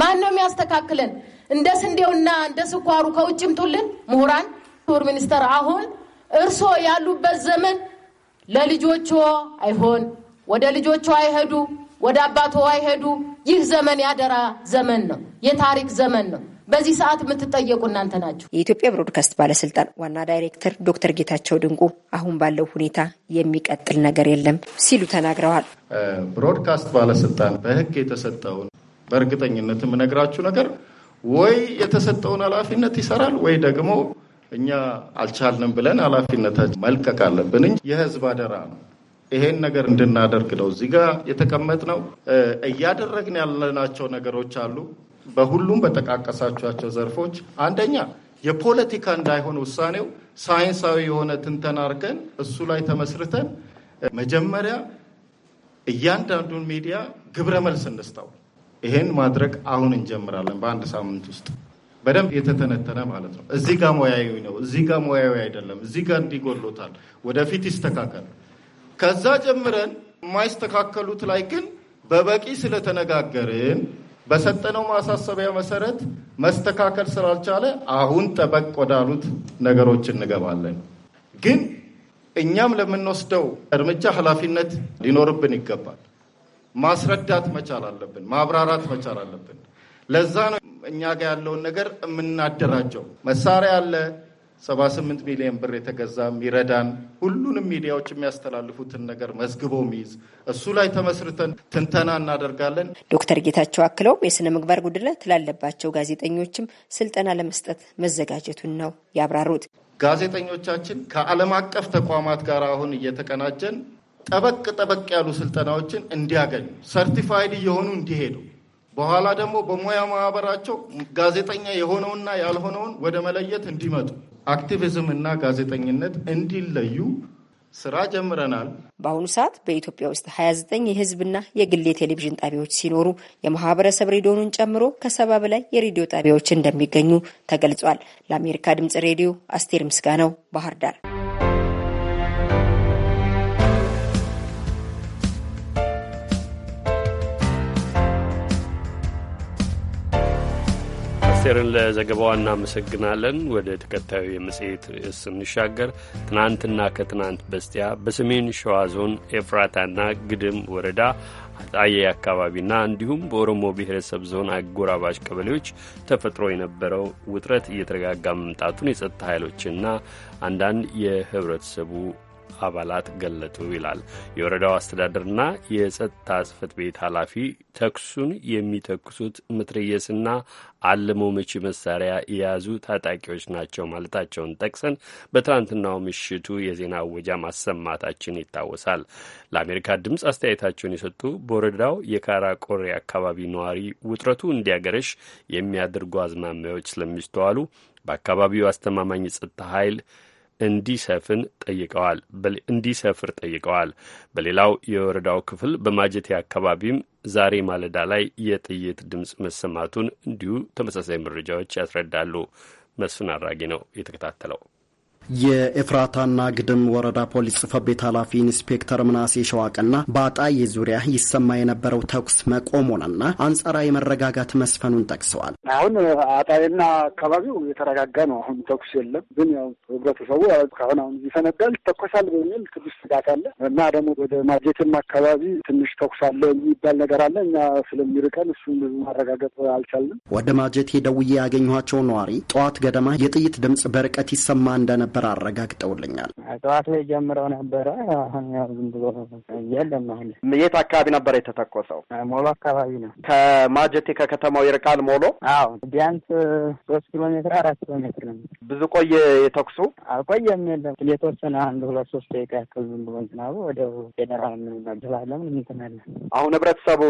ማን ነው የሚያስተካክለን? እንደ ስንዴውና እንደ ስኳሩ ከውጭ ምጡልን ምሁራን። ክቡር ሚኒስተር፣ አሁን እርስዎ ያሉበት ዘመን ለልጆቹ አይሆን፣ ወደ ልጆቹ አይሄዱ፣ ወደ አባቶ አይሄዱ። ይህ ዘመን ያደራ ዘመን ነው፣ የታሪክ ዘመን ነው። በዚህ ሰዓት የምትጠየቁ እናንተ ናቸው። የኢትዮጵያ ብሮድካስት ባለስልጣን ዋና ዳይሬክተር ዶክተር ጌታቸው ድንቁ አሁን ባለው ሁኔታ የሚቀጥል ነገር የለም ሲሉ ተናግረዋል። ብሮድካስት ባለስልጣን በህግ የተሰጠውን በእርግጠኝነት የምነግራችሁ ነገር ወይ የተሰጠውን ኃላፊነት ይሰራል ወይ ደግሞ እኛ አልቻልንም ብለን ኃላፊነታችን መልቀቅ አለብን እንጂ የህዝብ አደራ ነው። ይሄን ነገር እንድናደርግ ነው እዚህ ጋር የተቀመጥ ነው። እያደረግን ያለናቸው ነገሮች አሉ። በሁሉም በጠቃቀሳቸው ዘርፎች አንደኛ የፖለቲካ እንዳይሆን ውሳኔው ሳይንሳዊ የሆነ ትንተና አድርገን እሱ ላይ ተመስርተን መጀመሪያ እያንዳንዱን ሚዲያ ግብረ መልስ እንስጠው። ይሄን ማድረግ አሁን እንጀምራለን። በአንድ ሳምንት ውስጥ በደንብ የተተነተነ ማለት ነው። እዚህ ጋር ሙያዊ ነው፣ እዚህ ጋር ሙያዊ አይደለም፣ እዚህ ጋር እንዲጎሎታል፣ ወደፊት ይስተካከል። ከዛ ጀምረን የማይስተካከሉት ላይ ግን በበቂ ስለተነጋገርን በሰጠነው ማሳሰቢያ መሰረት መስተካከል ስላልቻለ አሁን ጠበቅ ወዳሉት ነገሮች እንገባለን። ግን እኛም ለምንወስደው እርምጃ ኃላፊነት ሊኖርብን ይገባል። ማስረዳት መቻል አለብን። ማብራራት መቻል አለብን። ለዛ ነው እኛ ጋር ያለውን ነገር የምናደራጀው። መሳሪያ አለ 78 ሚሊዮን ብር የተገዛ የሚረዳን ሁሉንም ሚዲያዎች የሚያስተላልፉትን ነገር መዝግቦ ሚይዝ እሱ ላይ ተመስርተን ትንተና እናደርጋለን። ዶክተር ጌታቸው አክለውም የስነ ምግባር ጉድለት ላለባቸው ጋዜጠኞችም ስልጠና ለመስጠት መዘጋጀቱን ነው ያብራሩት። ጋዜጠኞቻችን ከዓለም አቀፍ ተቋማት ጋር አሁን እየተቀናጀን ጠበቅ ጠበቅ ያሉ ስልጠናዎችን እንዲያገኙ ሰርቲፋይድ እየሆኑ እንዲሄዱ በኋላ ደግሞ በሙያ ማህበራቸው ጋዜጠኛ የሆነውና ያልሆነውን ወደ መለየት እንዲመጡ አክቲቪዝም እና ጋዜጠኝነት እንዲለዩ ስራ ጀምረናል። በአሁኑ ሰዓት በኢትዮጵያ ውስጥ 29 የህዝብና የግል የቴሌቪዥን ጣቢያዎች ሲኖሩ የማህበረሰብ ሬዲዮኑን ጨምሮ ከሰባ በላይ የሬዲዮ ጣቢያዎች እንደሚገኙ ተገልጿል። ለአሜሪካ ድምጽ ሬዲዮ አስቴር ምስጋናው ባህር ዳር አስቴርን ለዘገባዋ እናመሰግናለን። ወደ ተከታዩ የመጽሔት ርዕስ ስንሻገር ትናንትና ከትናንት በስቲያ በሰሜን ሸዋ ዞን ኤፍራታና ግድም ወረዳ አጣዬ አካባቢና እንዲሁም በኦሮሞ ብሔረሰብ ዞን አጎራባሽ ቀበሌዎች ተፈጥሮ የነበረው ውጥረት እየተረጋጋ መምጣቱን የጸጥታ ኃይሎችና አንዳንድ የህብረተሰቡ አባላት ገለጡ ይላል። የወረዳው አስተዳደርና የጸጥታ ጽህፈት ቤት ኃላፊ ተኩሱን የሚተኩሱት ምትርየስና አልሞ መቺ መሳሪያ የያዙ ታጣቂዎች ናቸው ማለታቸውን ጠቅሰን በትናንትናው ምሽቱ የዜና አወጃ ማሰማታችን ይታወሳል። ለአሜሪካ ድምፅ አስተያየታቸውን የሰጡ በወረዳው የካራ ቆሬ አካባቢ ነዋሪ ውጥረቱ እንዲያገረሽ የሚያደርጉ አዝማሚያዎች ስለሚስተዋሉ በአካባቢው አስተማማኝ ጸጥታ ኃይል እንዲሰፍን ጠይቀዋል እንዲሰፍር ጠይቀዋል። በሌላው የወረዳው ክፍል በማጀቴ አካባቢም ዛሬ ማለዳ ላይ የጥይት ድምፅ መሰማቱን እንዲሁ ተመሳሳይ መረጃዎች ያስረዳሉ። መስፍን አራጌ ነው የተከታተለው። የኤፍራታና ግድም ወረዳ ፖሊስ ጽፈት ቤት ኃላፊ ኢንስፔክተር ምናሴ ሸዋቅና በአጣዬ ዙሪያ ይሰማ የነበረው ተኩስ መቆሙንና አንጻራዊ መረጋጋት መስፈኑን ጠቅሰዋል። አሁን አጣዬና አካባቢው የተረጋጋ ነው። አሁን ተኩስ የለም። ግን ያው ህብረተሰቡ ከአሁን አሁን ይፈነዳል፣ ይተኮሳል በሚል ትንሽ ስጋት አለ እና ደግሞ ወደ ማጀትም አካባቢ ትንሽ ተኩስ አለ የሚባል ነገር አለ። እኛ ስለሚርቀን እሱን ብዙ ማረጋገጥ አልቻልንም። ወደ ማጀቴ ደውዬ ያገኘኋቸው ነዋሪ ጠዋት ገደማ የጥይት ድምፅ በርቀት ይሰማ እንደነበር እንደነበር አረጋግጠውልኛል። ጠዋት ላይ ጀምረው ነበረ። አሁን ያው ዝም ብሎ የለም። አሁን የት አካባቢ ነበረ የተተኮሰው? ሞሎ አካባቢ ነው። ከማጀቴ ከከተማው ይርቃል ሞሎ? አዎ ቢያንስ ሶስት ኪሎ ሜትር አራት ኪሎ ሜትር ነው። ብዙ ቆየ የተኩሱ? አልቆየም። የለም የተወሰነ አንድ ሁለት ሶስት ደቂቃ ያክል ዝም ብሎ እንትናሉ ወዲያው ፌዴራል ምንናድላለን እንትናለ። አሁን ህብረተሰቡ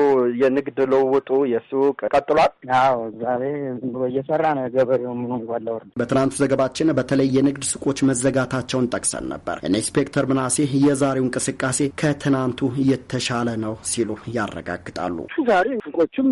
የንግድ ልውውጡ የሱቅ ቀጥሏል? አዎ ዛሬ ዝም ብሎ እየሰራ ነው ገበሬው ምኑም ጓላ ወርድ። በትናንቱ ዘገባችን በተለይ የንግድ ሱቆች ሱቆች መዘጋታቸውን ጠቅሰን ነበር። ኢንስፔክተር ምናሴ የዛሬው እንቅስቃሴ ከትናንቱ የተሻለ ነው ሲሉ ያረጋግጣሉ። ዛሬ ሱቆችም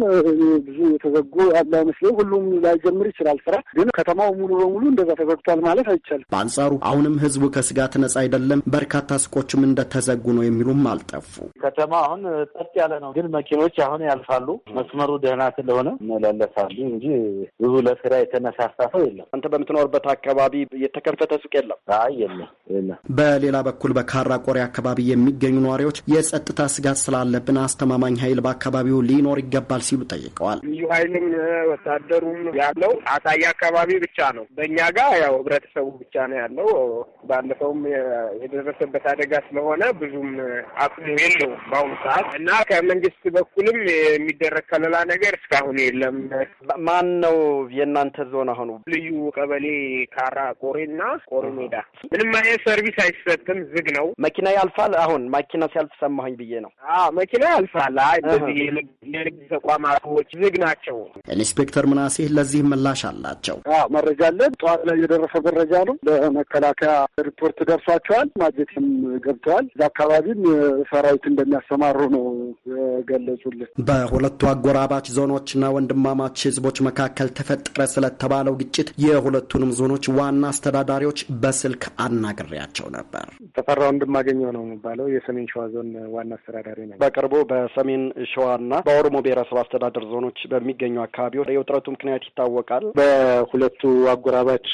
ብዙ የተዘጉ ያለ አይመስለኝም። ሁሉም ላይጀምር ይችላል ስራ፣ ግን ከተማው ሙሉ በሙሉ እንደዛ ተዘግቷል ማለት አይቻልም። በአንጻሩ አሁንም ህዝቡ ከስጋት ነጻ አይደለም፣ በርካታ ሱቆችም እንደተዘጉ ነው የሚሉም አልጠፉ። ከተማ አሁን ጸጥ ያለ ነው፣ ግን መኪኖች አሁን ያልፋሉ። መስመሩ ደህና ስለሆነ መለለሳሉ እንጂ ብዙ ለስራ የተነሳሳ ሰው የለም። አንተ በምትኖርበት አካባቢ የተከፈተ ሱቅ የለም። አይ የለም የለም። በሌላ በኩል በካራ ቆሬ አካባቢ የሚገኙ ነዋሪዎች የጸጥታ ስጋት ስላለብን አስተማማኝ ኃይል በአካባቢው ሊኖር ይገባል ሲሉ ጠይቀዋል። ልዩ ኃይልም ወታደሩም ያለው አሳይ አካባቢ ብቻ ነው። በእኛ ጋር ያው ህብረተሰቡ ብቻ ነው ያለው። ባለፈውም የደረሰበት አደጋ ስለሆነ ብዙም አቅሙ የለው በአሁኑ ሰዓት እና ከመንግስት በኩልም የሚደረግ ከለላ ነገር እስካሁን የለም። ማን ነው የእናንተ ዞን አሁኑ ልዩ ቀበሌ ካራ ቆሬ እና ቆሬ ጥሩ ሜዳ ምንም አይነት ሰርቪስ አይሰጥም፣ ዝግ ነው። መኪና ያልፋል። አሁን መኪና ሲያልፍ ሰማሁኝ ብዬ ነው። አዎ መኪና ያልፋል። አይ እንደዚህ የንግድ ተቋማቶች ዝግ ናቸው። ኢንስፔክተር ምናሴ ለዚህ ምላሽ አላቸው። አዎ መረጃ አለን። ጠዋት ላይ የደረሰ መረጃ ነው። ለመከላከያ ሪፖርት ደርሷቸዋል። ማጀትም ገብተዋል። እዛ አካባቢም ሰራዊት እንደሚያሰማሩ ነው የገለጹልን። በሁለቱ አጎራባች ዞኖችና ወንድማማች ህዝቦች መካከል ተፈጠረ ስለተባለው ግጭት የሁለቱንም ዞኖች ዋና አስተዳዳሪዎች በስልክ አናግሬያቸው ነበር። ተፈራ ወንድማገኘው ነው የሚባለው የሰሜን ሸዋ ዞን ዋና አስተዳዳሪ ነ በቅርቡ በሰሜን ሸዋና በኦሮሞ ብሔረሰብ አስተዳደር ዞኖች በሚገኙ አካባቢዎች የውጥረቱ ምክንያት ይታወቃል። በሁለቱ አጎራባች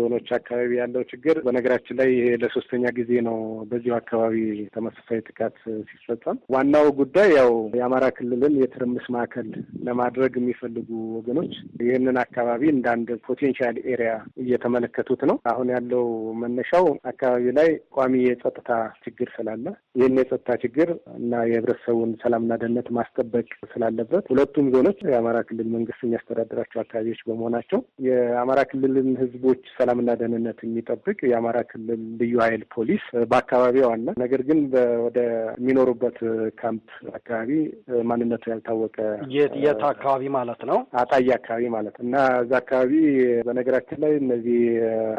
ዞኖች አካባቢ ያለው ችግር በነገራችን ላይ ለሶስተኛ ጊዜ ነው በዚሁ አካባቢ ተመሳሳይ ጥቃት ሲፈጸም። ዋናው ጉዳይ ያው የአማራ ክልልን የትርምስ ማዕከል ለማድረግ የሚፈልጉ ወገኖች ይህንን አካባቢ እንደ አንድ ፖቴንሻል ኤሪያ እየተመለከቱት ነው። አሁን አሁን ያለው መነሻው አካባቢ ላይ ቋሚ የጸጥታ ችግር ስላለ ይህን የጸጥታ ችግር እና የህብረተሰቡን ሰላምና ደህንነት ማስጠበቅ ስላለበት ሁለቱም ዞኖች የአማራ ክልል መንግስት የሚያስተዳድራቸው አካባቢዎች በመሆናቸው የአማራ ክልልን ህዝቦች ሰላምና ደህንነት የሚጠብቅ የአማራ ክልል ልዩ ኃይል ፖሊስ በአካባቢው አለ። ነገር ግን ወደ የሚኖሩበት ካምፕ አካባቢ ማንነቱ ያልታወቀ የት አካባቢ ማለት ነው አጣዬ አካባቢ ማለት እና እዛ አካባቢ በነገራችን ላይ እነዚህ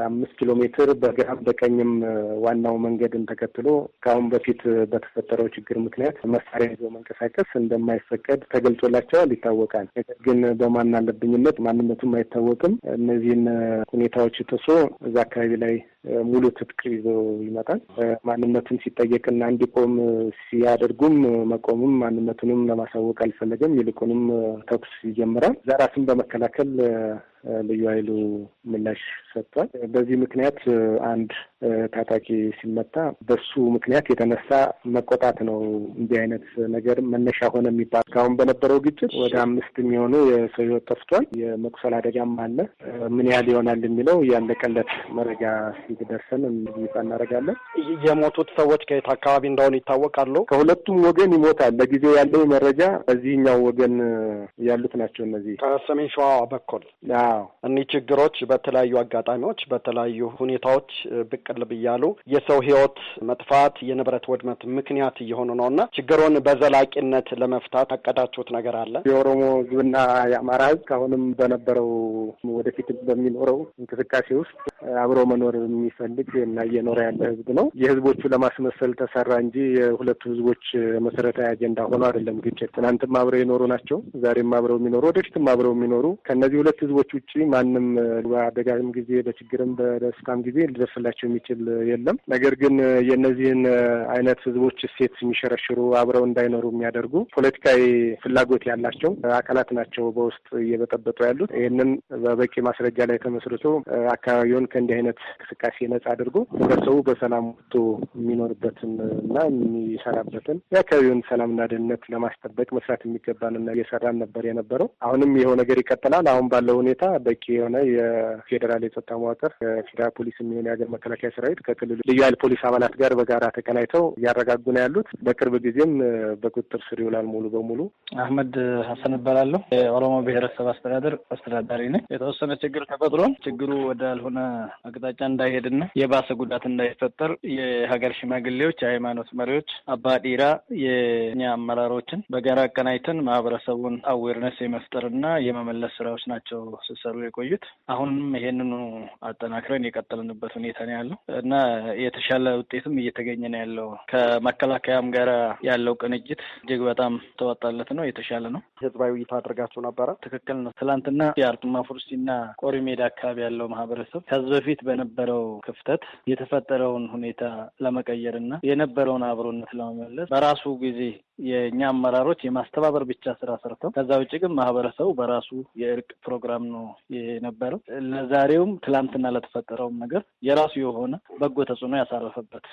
አምስት ኪሎ ሜትር በግራም በቀኝም ዋናው መንገድን ተከትሎ ከአሁን በፊት በተፈጠረው ችግር ምክንያት መሳሪያ ይዞ መንቀሳቀስ እንደማይፈቀድ ተገልጾላቸዋል፣ ይታወቃል። ነገር ግን በማን ማንነቱም አይታወቅም። እነዚህን ሁኔታዎች ጥሶ እዛ አካባቢ ላይ ሙሉ ትጥቅ ይዞ ይመጣል። ማንነቱን ሲጠየቅና እንዲቆም ሲያደርጉም መቆምም ማንነቱንም ለማሳወቅ አልፈለገም። ይልቁንም ተኩስ ይጀምራል። እዛ በመከላከል ልዩ ኃይሉ ምላሽ ሰጥቷል። በዚህ ምክንያት አንድ ታጣቂ ሲመታ በሱ ምክንያት የተነሳ መቆጣት ነው። እንዲህ አይነት ነገር መነሻ ሆነ የሚባል እስካሁን በነበረው ግጭት ወደ አምስት የሚሆኑ የሰው ጠፍቷል። የመቁሰል አደጋም አለ። ምን ያህል ይሆናል የሚለው ያለቀለት መረጃ ሲደርሰን ይፋ እናደርጋለን። የሞቱት ሰዎች ከየት አካባቢ እንደሆኑ ይታወቃሉ? ከሁለቱም ወገን ይሞታል። ለጊዜው ያለው መረጃ በዚህኛው ወገን ያሉት ናቸው። እነዚህ ከሰሜን ሸዋ በኩል እኒህ ችግሮች በተለያዩ አጋጣሚዎች በተለያዩ ሁኔታዎች ብቅ ቅልብ እያሉ የሰው ህይወት መጥፋት፣ የንብረት ወድመት ምክንያት እየሆኑ ነው እና ችግሩን በዘላቂነት ለመፍታት አቀዳችሁት ነገር አለ? የኦሮሞ ህዝብና የአማራ ህዝብ ከአሁንም በነበረው ወደፊት በሚኖረው እንቅስቃሴ ውስጥ አብሮ መኖር የሚፈልግ እና እየኖረ ያለ ህዝብ ነው። የህዝቦቹ ለማስመሰል ተሰራ እንጂ የሁለቱ ህዝቦች መሰረታዊ አጀንዳ ሆኖ አይደለም ግጭት። ትናንትም አብረው የኖሩ ናቸው፣ ዛሬም አብረው የሚኖሩ ወደፊትም አብረው የሚኖሩ ከእነዚህ ሁለት ህዝቦች ውጭ ማንም በአደጋም ጊዜ በችግርም በደስታም ጊዜ ሊደርስላቸው የሚ የሚችል የለም። ነገር ግን የእነዚህን አይነት ህዝቦች እሴት የሚሸረሽሩ አብረው እንዳይኖሩ የሚያደርጉ ፖለቲካዊ ፍላጎት ያላቸው አካላት ናቸው በውስጥ እየበጠበጡ ያሉት። ይህንን በበቂ ማስረጃ ላይ ተመስርቶ አካባቢውን ከእንዲህ አይነት እንቅስቃሴ ነጻ አድርጎ ህብረተሰቡ በሰላም ወጥቶ የሚኖርበትን እና የሚሰራበትን የአካባቢውን ሰላምና ደህንነት ለማስጠበቅ መስራት የሚገባንን እየሰራን ነበር የነበረው። አሁንም ይኸው ነገር ይቀጥላል። አሁን ባለው ሁኔታ በቂ የሆነ የፌዴራል የጸጥታ መዋቅር የፌዴራል ፖሊስ የሚሆን የሀገር መከላከያ መከላከያ ሰራዊት ከክልሉ ልዩ ኃይል ፖሊስ አባላት ጋር በጋራ ተቀናይተው እያረጋጉ ነው ያሉት። በቅርብ ጊዜም በቁጥጥር ስር ይውላል ሙሉ በሙሉ። አህመድ ሀሰን እባላለሁ። የኦሮሞ ብሔረሰብ አስተዳደር አስተዳዳሪ ነኝ። የተወሰነ ችግር ተፈጥሯል። ችግሩ ወዳልሆነ አቅጣጫ እንዳይሄድና የባሰ ጉዳት እንዳይፈጠር የሀገር ሽማግሌዎች፣ የሃይማኖት መሪዎች፣ አባዲራ የኛ አመራሮችን በጋራ አቀናይተን ማህበረሰቡን አዌርነስ የመፍጠርና የመመለስ ስራዎች ናቸው ሲሰሩ የቆዩት። አሁንም ይሄንኑ አጠናክረን የቀጠልንበት ሁኔታ ነው ያለው። እና የተሻለ ውጤትም እየተገኘ ነው ያለው። ከመከላከያም ጋር ያለው ቅንጅት እጅግ በጣም ተዋጣለት ነው፣ የተሻለ ነው። ህዝባዊ ውይይት አድርጋችሁ ነበረ? ትክክል ነው። ትላንትና የአርጡማ ፉርሲ እና ቆሪ ሜዳ አካባቢ ያለው ማህበረሰብ ከዚህ በፊት በነበረው ክፍተት የተፈጠረውን ሁኔታ ለመቀየር እና የነበረውን አብሮነት ለመመለስ በራሱ ጊዜ የእኛ አመራሮች የማስተባበር ብቻ ስራ ሰርተው ከዛ ውጭ ግን ማህበረሰቡ በራሱ የእርቅ ፕሮግራም ነው የነበረው። ለዛሬውም ትላንትና ለተፈጠረውም ነገር የራሱ የሆነ በጎ ተጽዕኖ ያሳረፈበት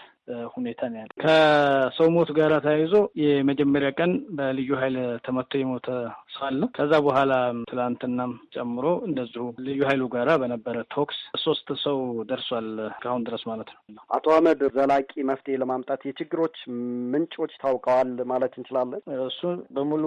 ሁኔታ ነው ያለ። ከሰው ሞት ጋር ተያይዞ የመጀመሪያ ቀን በልዩ ኃይል ተመቶ የሞተ ሰው አለ። ከዛ በኋላ ትላንትናም ጨምሮ እንደዚሁ ልዩ ኃይሉ ጋራ በነበረ ቶክስ ሶስት ሰው ደርሷል ከአሁን ድረስ ማለት ነው። አቶ አህመድ ዘላቂ መፍትሄ ለማምጣት የችግሮች ምንጮች ታውቀዋል ማለት እንችላለን። እሱ በሙሉ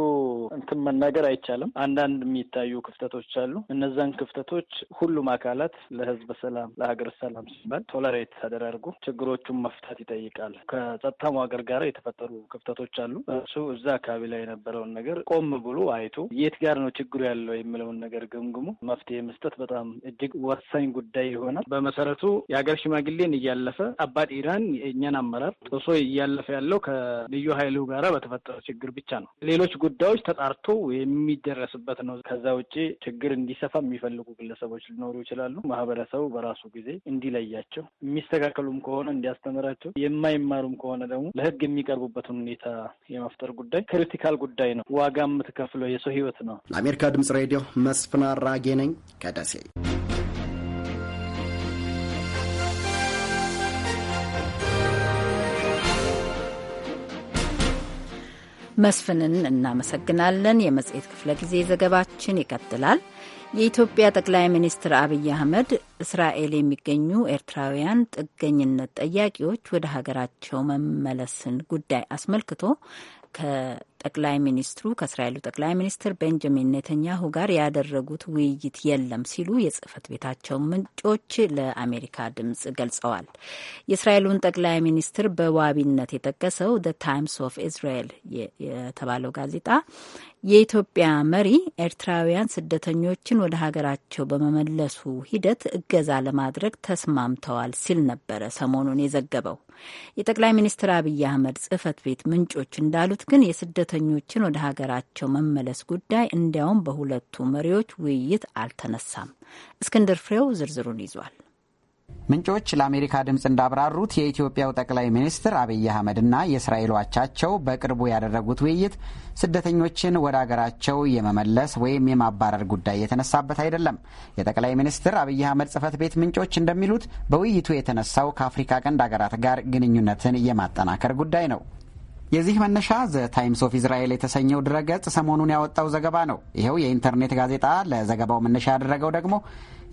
እንትን መናገር አይቻልም። አንዳንድ የሚታዩ ክፍተቶች አሉ። እነዛን ክፍተቶች ሁሉም አካላት ለህዝብ ሰላም፣ ለሀገር ሰላም ሲባል ቶለሬት ተደራርጎ ችግሮቹን መፍታት ይጠይቃል። ከጸጥታ መዋቅር ጋር የተፈጠሩ ክፍተቶች አሉ። እሱ እዛ አካባቢ ላይ የነበረውን ነገር ቆም ብሎ አይቶ የት ጋር ነው ችግሩ ያለው የሚለውን ነገር ግምግሙ መፍትሄ መስጠት በጣም እጅግ ወሳኝ ጉዳይ ይሆናል። በመሰረቱ የሀገር ሽማግሌን እያለፈ አባት ኢራን የእኛን አመራር ጥሶ እያለፈ ያለው ከልዩ ኃይሉ ጋራ በተፈ የተፈጠረ ችግር ብቻ ነው። ሌሎች ጉዳዮች ተጣርቶ የሚደረስበት ነው። ከዛ ውጭ ችግር እንዲሰፋ የሚፈልጉ ግለሰቦች ሊኖሩ ይችላሉ። ማህበረሰቡ በራሱ ጊዜ እንዲለያቸው፣ የሚስተካከሉም ከሆነ እንዲያስተምራቸው፣ የማይማሩም ከሆነ ደግሞ ለህግ የሚቀርቡበትን ሁኔታ የመፍጠር ጉዳይ ክሪቲካል ጉዳይ ነው። ዋጋ የምትከፍለው የሰው ህይወት ነው። ለአሜሪካ ድምጽ ሬዲዮ መስፍን አራጌ ነኝ ከደሴ። መስፍንን እናመሰግናለን። የመጽሔት ክፍለ ጊዜ ዘገባችን ይቀጥላል። የኢትዮጵያ ጠቅላይ ሚኒስትር አብይ አህመድ እስራኤል የሚገኙ ኤርትራውያን ጥገኝነት ጠያቂዎች ወደ ሀገራቸው መመለስን ጉዳይ አስመልክቶ ጠቅላይ ሚኒስትሩ ከእስራኤሉ ጠቅላይ ሚኒስትር ቤንጃሚን ኔተንያሁ ጋር ያደረጉት ውይይት የለም ሲሉ የጽህፈት ቤታቸው ምንጮች ለአሜሪካ ድምጽ ገልጸዋል። የእስራኤሉን ጠቅላይ ሚኒስትር በዋቢነት የጠቀሰው ደ ታይምስ ኦፍ እስራኤል የተባለው ጋዜጣ የኢትዮጵያ መሪ ኤርትራውያን ስደተኞችን ወደ ሀገራቸው በመመለሱ ሂደት እገዛ ለማድረግ ተስማምተዋል ሲል ነበረ ሰሞኑን የዘገበው። የጠቅላይ ሚኒስትር አብይ አህመድ ጽህፈት ቤት ምንጮች እንዳሉት ግን የስደተኞችን ወደ ሀገራቸው መመለስ ጉዳይ እንዲያውም በሁለቱ መሪዎች ውይይት አልተነሳም። እስክንድር ፍሬው ዝርዝሩን ይዟል። ምንጮች ለአሜሪካ ድምፅ እንዳብራሩት የኢትዮጵያው ጠቅላይ ሚኒስትር አብይ አህመድና የእስራኤል አቻቸው በቅርቡ ያደረጉት ውይይት ስደተኞችን ወደ አገራቸው የመመለስ ወይም የማባረር ጉዳይ የተነሳበት አይደለም። የጠቅላይ ሚኒስትር አብይ አህመድ ጽህፈት ቤት ምንጮች እንደሚሉት በውይይቱ የተነሳው ከአፍሪካ ቀንድ አገራት ጋር ግንኙነትን የማጠናከር ጉዳይ ነው። የዚህ መነሻ ዘ ታይምስ ኦፍ እስራኤል የተሰኘው ድረገጽ ሰሞኑን ያወጣው ዘገባ ነው። ይኸው የኢንተርኔት ጋዜጣ ለዘገባው መነሻ ያደረገው ደግሞ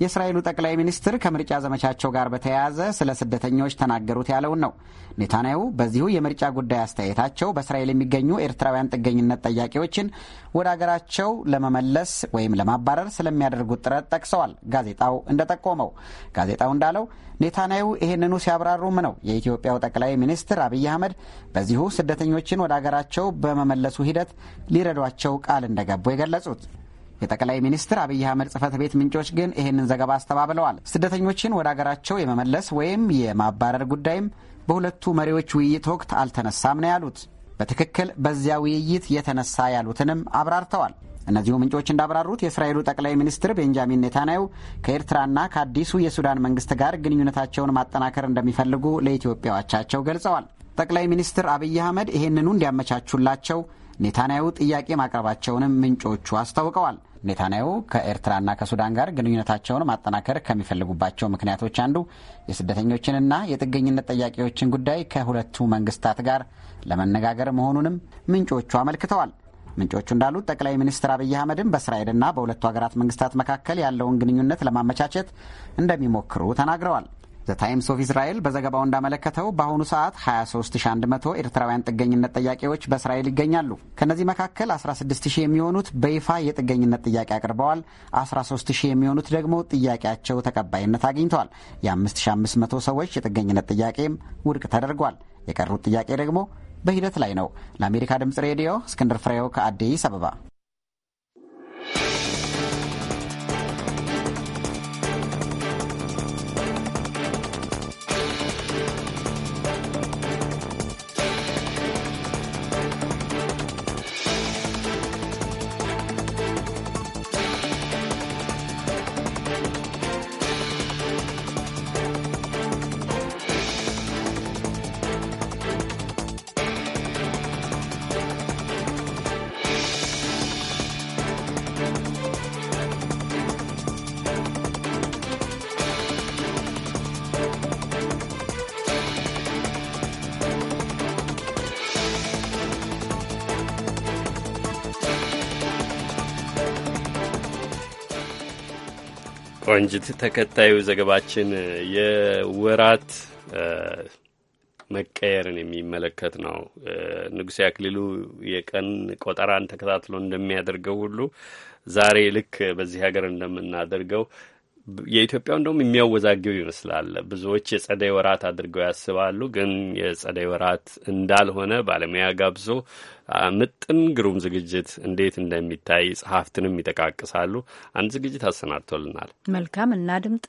የእስራኤሉ ጠቅላይ ሚኒስትር ከምርጫ ዘመቻቸው ጋር በተያያዘ ስለ ስደተኞች ተናገሩት ያለውን ነው። ኔታንያሁ በዚሁ የምርጫ ጉዳይ አስተያየታቸው በእስራኤል የሚገኙ ኤርትራውያን ጥገኝነት ጠያቂዎችን ወደ አገራቸው ለመመለስ ወይም ለማባረር ስለሚያደርጉት ጥረት ጠቅሰዋል። ጋዜጣው እንደጠቆመው ጋዜጣው እንዳለው ኔታንያሁ ይህንኑ ሲያብራሩም ነው የኢትዮጵያው ጠቅላይ ሚኒስትር አብይ አህመድ በዚሁ ስደተኞችን ወደ አገራቸው በመመለሱ ሂደት ሊረዷቸው ቃል እንደገቡ የገለጹት። የጠቅላይ ሚኒስትር አብይ አህመድ ጽህፈት ቤት ምንጮች ግን ይህንን ዘገባ አስተባብለዋል። ስደተኞችን ወደ አገራቸው የመመለስ ወይም የማባረር ጉዳይም በሁለቱ መሪዎች ውይይት ወቅት አልተነሳም ነው ያሉት። በትክክል በዚያ ውይይት የተነሳ ያሉትንም አብራርተዋል። እነዚሁ ምንጮች እንዳብራሩት የእስራኤሉ ጠቅላይ ሚኒስትር ቤንጃሚን ኔታንያሁ ከኤርትራና ከአዲሱ የሱዳን መንግስት ጋር ግንኙነታቸውን ማጠናከር እንደሚፈልጉ ለኢትዮጵያዎቻቸው ገልጸዋል። ጠቅላይ ሚኒስትር አብይ አህመድ ይህንኑ እንዲያመቻቹላቸው ኔታንያሁ ጥያቄ ማቅረባቸውንም ምንጮቹ አስታውቀዋል። ኔታንያሁ ከኤርትራና ከሱዳን ጋር ግንኙነታቸውን ማጠናከር ከሚፈልጉባቸው ምክንያቶች አንዱ የስደተኞችንና የጥገኝነት ጥያቄዎችን ጉዳይ ከሁለቱ መንግስታት ጋር ለመነጋገር መሆኑንም ምንጮቹ አመልክተዋል። ምንጮቹ እንዳሉት ጠቅላይ ሚኒስትር አብይ አህመድም በእስራኤልና በሁለቱ ሀገራት መንግስታት መካከል ያለውን ግንኙነት ለማመቻቸት እንደሚሞክሩ ተናግረዋል። ዘታይምስ ኦፍ እስራኤል በዘገባው እንዳመለከተው በአሁኑ ሰዓት 23100 ኤርትራውያን ጥገኝነት ጥያቄዎች በእስራኤል ይገኛሉ። ከእነዚህ መካከል 16000 የሚሆኑት በይፋ የጥገኝነት ጥያቄ አቅርበዋል። 13000 የሚሆኑት ደግሞ ጥያቄያቸው ተቀባይነት አግኝተዋል። የ5500 ሰዎች የጥገኝነት ጥያቄም ውድቅ ተደርጓል። የቀሩት ጥያቄ ደግሞ በሂደት ላይ ነው። ለአሜሪካ ድምፅ ሬዲዮ እስክንድር ፍሬው ከአዲስ አበባ ቆንጅት፣ ተከታዩ ዘገባችን የወራት መቀየርን የሚመለከት ነው። ንጉሴ አክሊሉ የቀን ቆጠራን ተከታትሎ እንደሚያደርገው ሁሉ ዛሬ ልክ በዚህ ሀገር እንደምናደርገው የኢትዮጵያ እንደውም የሚያወዛግብ ይመስላል። ብዙዎች የጸደይ ወራት አድርገው ያስባሉ። ግን የጸደይ ወራት እንዳልሆነ ባለሙያ ጋብዞ ምጥን ግሩም ዝግጅት እንዴት እንደሚታይ ጸሐፍትንም ይጠቃቅሳሉ። አንድ ዝግጅት አሰናድቶልናል። መልካም እና ድምጥ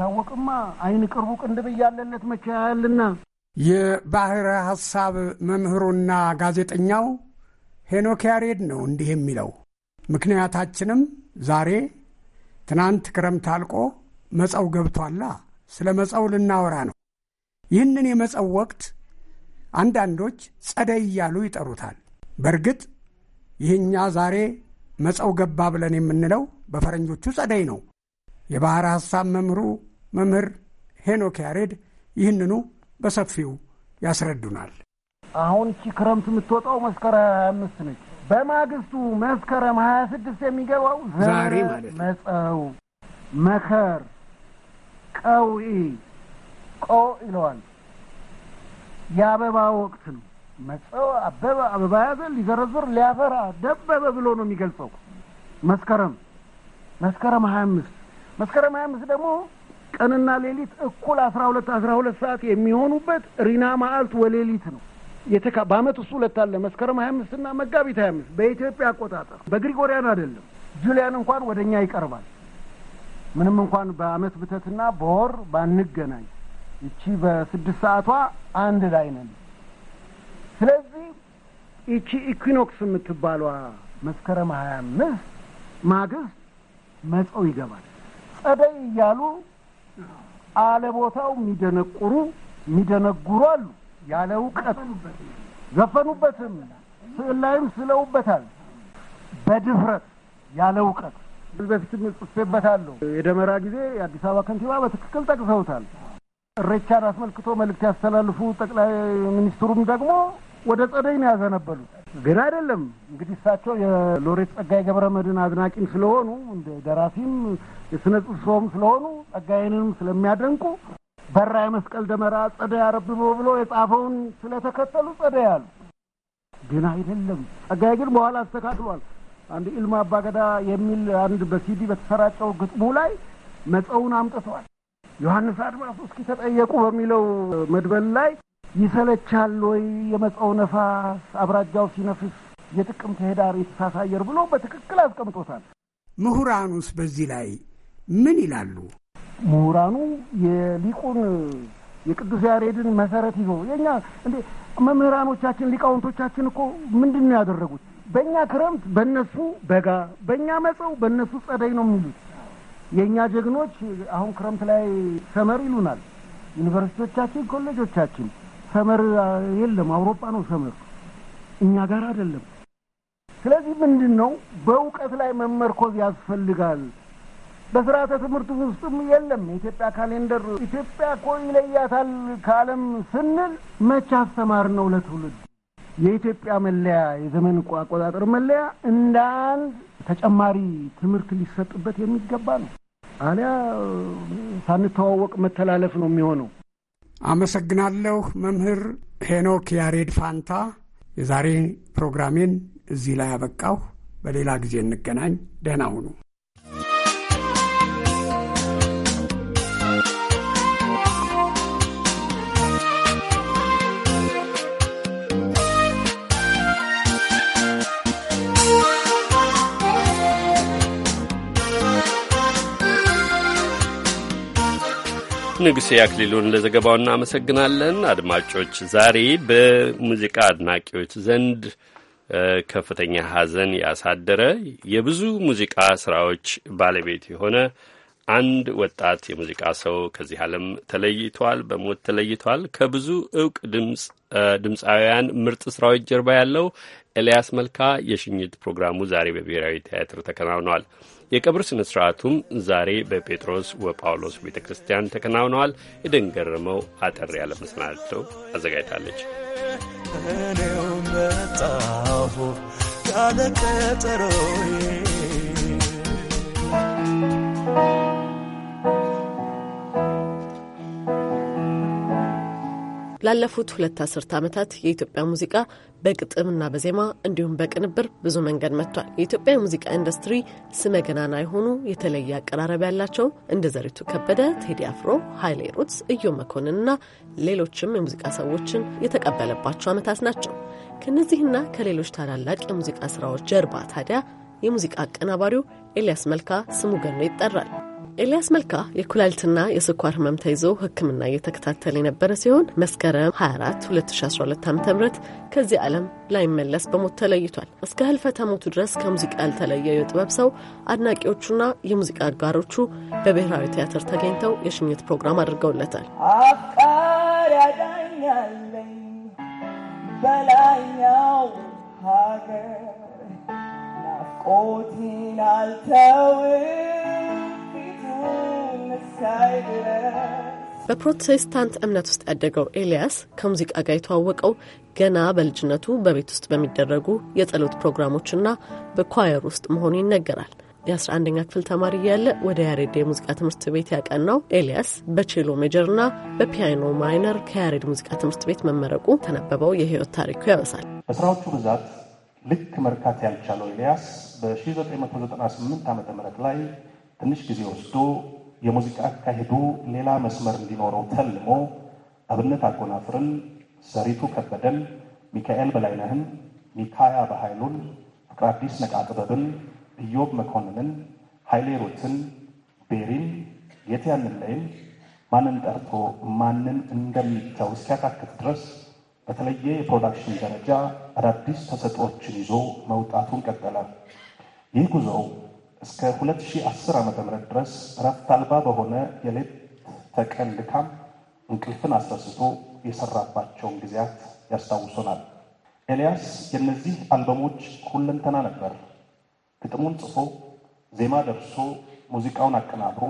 ታወቅማ አይን ቅርቡ ቅንድብ እያለለት መቼ የባህረ ሐሳብ መምህሩና ጋዜጠኛው ሄኖክ ያሬድ ነው እንዲህ የሚለው ምክንያታችንም ዛሬ ትናንት ክረምት አልቆ መጸው ገብቷላ። ስለ መጸው ልናወራ ነው። ይህንን የመጸው ወቅት አንዳንዶች ጸደይ እያሉ ይጠሩታል። በእርግጥ ይህኛ ዛሬ መጸው ገባ ብለን የምንለው በፈረንጆቹ ጸደይ ነው። የባሕረ ሐሳብ መምህሩ መምህር ሄኖክ ያሬድ ይህንኑ በሰፊው ያስረዱናል። አሁን እቺ ክረምት የምትወጣው መስከረም ሀያ አምስት ነች። በማግስቱ መስከረም ሀያ ስድስት የሚገባው ዛሬ ማለት መጸው፣ መከር፣ ቀውኢ፣ ቆ ይለዋል የአበባ ወቅት ነው። መጸው አበበ አበባ ያዘ ሊዘረዝር ሊያፈራ ደበበ ብሎ ነው የሚገልጸው። መስከረም መስከረም ሀያ አምስት መስከረም ሀያ አምስት ደግሞ ቀንና ሌሊት እኩል አስራ ሁለት አስራ ሁለት ሰዓት የሚሆኑበት ሪና ማዕልት ወሌሊት ነው። በአመት እሱ ሁለት አለ፣ መስከረም ሀያ አምስት እና መጋቢት ሀያ አምስት በኢትዮጵያ አቆጣጠር በግሪጎሪያን አይደለም። ጁሊያን እንኳን ወደ እኛ ይቀርባል። ምንም እንኳን በአመት ብተትና በወር ባንገናኝ እቺ በስድስት ሰዓቷ አንድ ላይ ነን። ስለዚህ እቺ ኢኩኖክስ የምትባሏ መስከረም ሀያ አምስት ማግስት መጸው ይገባል። ጸደይ እያሉ አለቦታው የሚደነቁሩ የሚደነጉሩ አሉ። ያለ እውቀት ዘፈኑበትም፣ ስዕል ላይም ስለውበታል። በድፍረት ያለ እውቀት በፊትም ጽፌበታለሁ። የደመራ ጊዜ የአዲስ አበባ ከንቲባ በትክክል ጠቅሰውታል። እሬቻን አስመልክቶ መልእክት ያስተላልፉ ጠቅላይ ሚኒስትሩም ደግሞ ወደ ጸደይ ነው ያዘነበሉት። ግን አይደለም እንግዲህ እሳቸው የሎሬት ጸጋዬ ገብረ መድን አድናቂም ስለሆኑ እንደ ደራሲም የስነ ጽሑፍ ሰውም ስለሆኑ ጸጋዬንም ስለሚያደንቁ በራ የመስቀል ደመራ ጸደይ አረብቦ ብሎ የጻፈውን ስለተከተሉ ጸደይ አሉ። ግን አይደለም ጸጋዬ ግን በኋላ አስተካክሏል። አንድ ኢልማ አባገዳ የሚል አንድ በሲዲ በተሰራጨው ግጥሙ ላይ መጸውን አምጥተዋል። ዮሐንስ አድማሱ እስኪ ተጠየቁ በሚለው መድበል ላይ ይሰለቻል ወይ የመጻው ነፋስ አብራጃው ሲነፍስ የጥቅምት ኅዳር የታህሳስ አየር ብሎ በትክክል አስቀምጦታል። ምሁራኑስ በዚህ ላይ ምን ይላሉ? ምሁራኑ የሊቁን የቅዱስ ያሬድን መሰረት ይዞ የእኛ እንዴ መምህራኖቻችን ሊቃውንቶቻችን እኮ ምንድን ነው ያደረጉት? በእኛ ክረምት በእነሱ በጋ፣ በእኛ መጸው በእነሱ ጸደይ ነው የሚሉት የእኛ ጀግኖች አሁን ክረምት ላይ ሰመር ይሉናል። ዩኒቨርሲቲዎቻችን፣ ኮሌጆቻችን ሰመር የለም። አውሮፓ ነው ሰመር፣ እኛ ጋር አይደለም። ስለዚህ ምንድን ነው በእውቀት ላይ መመርኮዝ ያስፈልጋል። በስርዓተ ትምህርት ውስጥም የለም። የኢትዮጵያ ካሌንደር ኢትዮጵያ እኮ ይለያታል ከዓለም ስንል መቼ አስተማር ነው ለትውልድ የኢትዮጵያ መለያ የዘመን አቆጣጠር መለያ እንደ አንድ ተጨማሪ ትምህርት ሊሰጥበት የሚገባ ነው። አሊያ ሳንተዋወቅ መተላለፍ ነው የሚሆነው። አመሰግናለሁ መምህር ሄኖክ ያሬድ ፋንታ። የዛሬ ፕሮግራሜን እዚህ ላይ አበቃሁ። በሌላ ጊዜ እንገናኝ። ደህና ሁኑ። ንጉሴ አክሊሉን ለዘገባው እናመሰግናለን። አድማጮች፣ ዛሬ በሙዚቃ አድናቂዎች ዘንድ ከፍተኛ ሐዘን ያሳደረ የብዙ ሙዚቃ ስራዎች ባለቤት የሆነ አንድ ወጣት የሙዚቃ ሰው ከዚህ ዓለም ተለይቷል፣ በሞት ተለይቷል። ከብዙ እውቅ ድምፃውያን ምርጥ ስራዎች ጀርባ ያለው ኤልያስ መልካ የሽኝት ፕሮግራሙ ዛሬ በብሔራዊ ቲያትር ተከናውኗል። የቀብር ስነ ሥርዓቱም ዛሬ በጴጥሮስ ወጳውሎስ ቤተ ክርስቲያን ተከናውነዋል። የደንገረመው አጠር ያለ መሰናዶ አዘጋጅታለች። እኔው መጣሁ ያለ ቀጠሮዬ ላለፉት ሁለት አስርት ዓመታት የኢትዮጵያ ሙዚቃ በግጥምና በዜማ እንዲሁም በቅንብር ብዙ መንገድ መጥቷል። የኢትዮጵያ የሙዚቃ ኢንዱስትሪ ስመ ገናና የሆኑ የተለየ አቀራረብ ያላቸው እንደ ዘሪቱ ከበደ፣ ቴዲ አፍሮ፣ ሀይሌ ሩትስ፣ እዮ መኮንንና ሌሎችም የሙዚቃ ሰዎችን የተቀበለባቸው ዓመታት ናቸው። ከእነዚህና ከሌሎች ታላላቅ የሙዚቃ ስራዎች ጀርባ ታዲያ የሙዚቃ አቀናባሪው ኤልያስ መልካ ስሙ ገኖ ይጠራል። ኤልያስ መልካ የኩላሊትና የስኳር ህመም ተይዞ ሕክምና እየተከታተለ የነበረ ሲሆን መስከረም 24 2012 ዓ ም ከዚህ ዓለም ላይመለስ በሞት ተለይቷል። እስከ ህልፈተ ሞቱ ድረስ ከሙዚቃ ያልተለየ የጥበብ ሰው አድናቂዎቹና የሙዚቃ አጋሮቹ በብሔራዊ ቲያትር ተገኝተው የሽኝት ፕሮግራም አድርገውለታል። አፍቃሪ ያዳኛለኝ በላይኛው ሀገር ናፍቆቴን አልተውም በፕሮቴስታንት እምነት ውስጥ ያደገው ኤልያስ ከሙዚቃ ጋር የተዋወቀው ገና በልጅነቱ በቤት ውስጥ በሚደረጉ የጸሎት ፕሮግራሞችና በኳየር ውስጥ መሆኑ ይነገራል። የ11ኛ ክፍል ተማሪ እያለ ወደ ያሬድ የሙዚቃ ትምህርት ቤት ያቀናው ኤልያስ በቼሎ ሜጀርና በፒያኖ ማይነር ከያሬድ ሙዚቃ ትምህርት ቤት መመረቁ ተነበበው የህይወት ታሪኩ ያበሳል። በስራዎቹ ብዛት ልክ መርካት ያልቻለው ኤልያስ በ1998 ዓ ም ላይ ትንሽ ጊዜ ወስዶ የሙዚቃ አካሄዱ ሌላ መስመር እንዲኖረው ተልሞ አብነት አጎናፍርን፣ ሰሪቱ ከበደን፣ ሚካኤል በላይነህን፣ ሚካያ በኃይሉን፣ ፍቅረ አዲስ ነቃጥበብን፣ እዮብ መኮንንን፣ ኃይሌ ሩትን፣ ቤሪን፣ የትያንለይን ማንን ጠርቶ ማንን እንደሚተው እስኪያካክት ድረስ በተለየ የፕሮዳክሽን ደረጃ አዳዲስ ተሰጥኦችን ይዞ መውጣቱን ቀጠለ። ይህ ጉዞው እስከ 2010 ዓ ም ድረስ እረፍት አልባ በሆነ የሌት ተቀን ድካም እንቅልፍን አስረስቶ የሰራባቸውን ጊዜያት ያስታውሶናል። ኤልያስ የእነዚህ አልበሞች ሁለንተና ነበር። ግጥሙን ጽፎ፣ ዜማ ደርሶ፣ ሙዚቃውን አቀናብሮ፣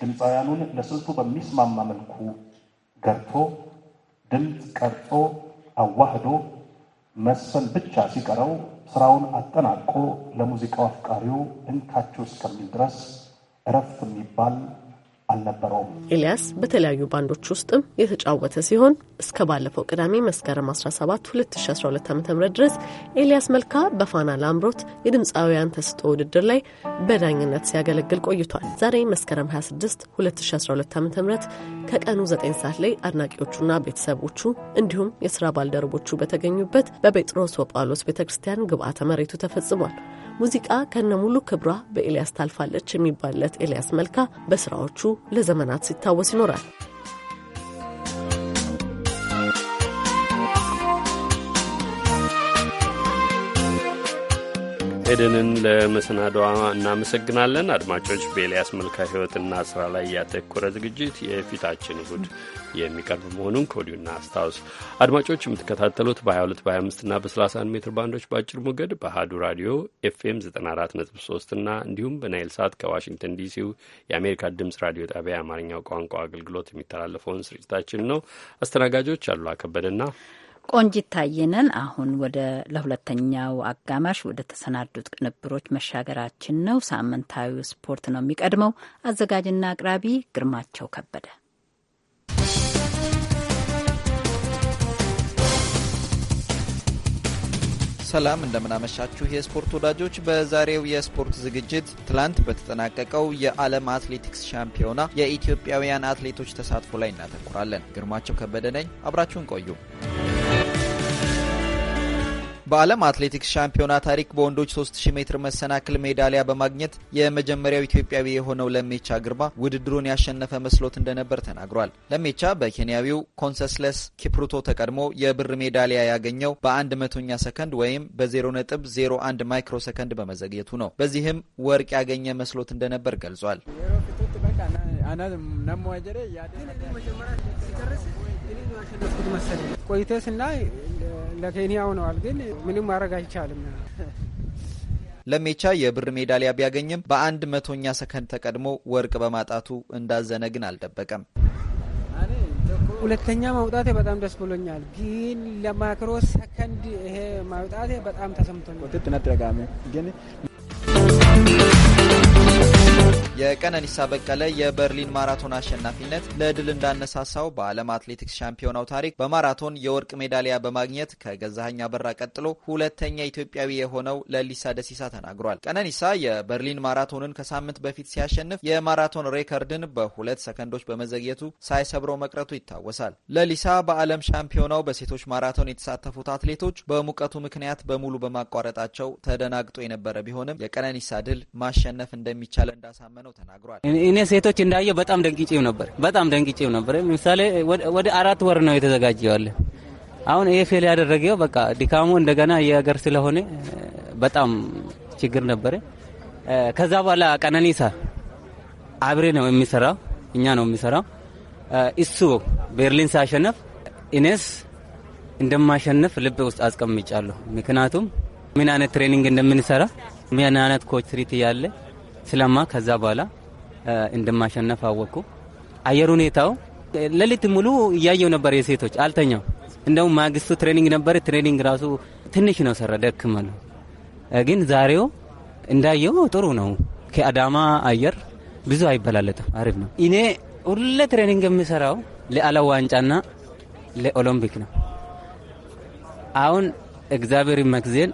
ድምፃውያኑን ለስልቱ በሚስማማ መልኩ ገርቶ፣ ድምፅ ቀርጾ፣ አዋህዶ መሰል ብቻ ሲቀረው ስራውን አጠናቆ ለሙዚቃው አፍቃሪው እንካቸው እስከሚል ድረስ እረፍ የሚባል አልነበረውም። ኤልያስ በተለያዩ ባንዶች ውስጥም የተጫወተ ሲሆን እስከ ባለፈው ቅዳሜ መስከረም 17 2012 ዓ ም ድረስ ኤልያስ መልካ በፋና ላምሮት የድምፃውያን ተስጦ ውድድር ላይ በዳኝነት ሲያገለግል ቆይቷል። ዛሬ መስከረም 26 2012 ዓ ም ከቀኑ 9 ሰዓት ላይ አድናቂዎቹና ቤተሰቦቹ እንዲሁም የስራ ባልደረቦቹ በተገኙበት በጴጥሮስ ወጳሎስ ቤተ ክርስቲያን ግብአተ መሬቱ ተፈጽሟል። ሙዚቃ ከነሙሉ ክብሯ በኤልያስ ታልፋለች የሚባልለት ኤልያስ መልካ በስራዎቹ ለዘመናት ሲታወስ ይኖራል። ኤደንን ለመሰናዷ እናመሰግናለን። አድማጮች፣ በኤልያስ መልካ ህይወትና ስራ ላይ ያተኮረ ዝግጅት የፊታችን እሁድ የሚቀርብ መሆኑን ከወዲሁና አስታውስ። አድማጮች የምትከታተሉት በ22 25 እና በ31 ሜትር ባንዶች በአጭር ሞገድ በአሀዱ ራዲዮ ኤፍኤም 94.3 እና እንዲሁም በናይል ሳት ከዋሽንግተን ዲሲው የአሜሪካ ድምፅ ራዲዮ ጣቢያ የአማርኛው ቋንቋ አገልግሎት የሚተላለፈውን ስርጭታችን ነው። አስተናጋጆች አሉላ ከበደና ቆንጂት ታየነን። አሁን ወደ ለሁለተኛው አጋማሽ ወደ ተሰናዱት ቅንብሮች መሻገራችን ነው። ሳምንታዊ ስፖርት ነው የሚቀድመው። አዘጋጅና አቅራቢ ግርማቸው ከበደ ሰላም እንደምናመሻችሁ የስፖርት ወዳጆች። በዛሬው የስፖርት ዝግጅት ትላንት በተጠናቀቀው የዓለም አትሌቲክስ ሻምፒዮና የኢትዮጵያውያን አትሌቶች ተሳትፎ ላይ እናተኩራለን። ግርማቸው ከበደ ነኝ። አብራችሁን ቆዩ። በዓለም አትሌቲክስ ሻምፒዮና ታሪክ በወንዶች 3000 ሜትር መሰናክል ሜዳሊያ በማግኘት የመጀመሪያው ኢትዮጵያዊ የሆነው ለሜቻ ግርማ ውድድሩን ያሸነፈ መስሎት እንደነበር ተናግሯል። ለሜቻ በኬንያዊው ኮንሰስለስ ኪፕሩቶ ተቀድሞ የብር ሜዳሊያ ያገኘው በአንድ መቶኛ ሰከንድ ወይም በ0.01 ማይክሮ ሰከንድ በመዘግየቱ ነው። በዚህም ወርቅ ያገኘ መስሎት እንደነበር ገልጿል። ያለፍኩት መሰለኝ። ቆይተ ስናይ ለኬንያው ነዋል፣ ግን ምንም ማድረግ አይቻልም። ለሜቻ የብር ሜዳሊያ ቢያገኝም በአንድ መቶኛ ሰከንድ ተቀድሞ ወርቅ በማጣቱ እንዳዘነ ግን አልደበቀም። ሁለተኛ ማውጣቴ በጣም ደስ ብሎኛል፣ ግን ለማክሮ ሰከንድ ይሄ ማውጣቴ በጣም ተሰምቶኛል። የቀነኒሳ በቀለ የበርሊን ማራቶን አሸናፊነት ለድል እንዳነሳሳው በዓለም አትሌቲክስ ሻምፒዮናው ታሪክ በማራቶን የወርቅ ሜዳሊያ በማግኘት ከገዛኸኝ አበራ ቀጥሎ ሁለተኛ ኢትዮጵያዊ የሆነው ለሊሳ ደሲሳ ተናግሯል። ቀነኒሳ የበርሊን ማራቶንን ከሳምንት በፊት ሲያሸንፍ የማራቶን ሬከርድን በሁለት ሰከንዶች በመዘግየቱ ሳይሰብረው መቅረቱ ይታወሳል። ለሊሳ በዓለም ሻምፒዮናው በሴቶች ማራቶን የተሳተፉት አትሌቶች በሙቀቱ ምክንያት በሙሉ በማቋረጣቸው ተደናግጦ የነበረ ቢሆንም የቀነኒሳ ድል ማሸነፍ እንደሚቻል እንዳሳመ ነው ተናግሯል። እኔ ሴቶች እንዳየው በጣም ደንግጬው ነበር። በጣም ደንግጬው ነበር። ለምሳሌ ወደ አራት ወር ነው የተዘጋጀዋለ። አሁን ይሄ ፌል ያደረገው በቃ ድካሙ እንደገና የሀገር ስለሆነ በጣም ችግር ነበረ። ከዛ በኋላ ቀነኒሳ አብሬ ነው የሚሰራው፣ እኛ ነው የሚሰራው። እሱ ቤርሊን ሳሸነፍ ኢኔስ እንደማሸነፍ ልብ ውስጥ አስቀምጫለሁ። ምክንያቱም ምን አይነት ትሬኒንግ እንደምንሰራ ምን አይነት ኮች ትሪት እያለ ስለማ ከዛ በኋላ እንደማሸነፍ አወቅኩ። አየር ሁኔታው ሌሊት ሙሉ እያየው ነበር። የሴቶች አልተኛው። እንደውም ማግስቱ ትሬኒንግ ነበር። ትሬኒንግ ራሱ ትንሽ ነው ሰራ ነው። ግን ዛሬው እንዳየው ጥሩ ነው። ከአዳማ አየር ብዙ አይበላለጥም። አሪፍ ነው። እኔ ሁሌ ትሬኒንግ የምሰራው ለዓለም ዋንጫና ለኦሎምፒክ ነው። አሁን እግዚአብሔር ይመስገን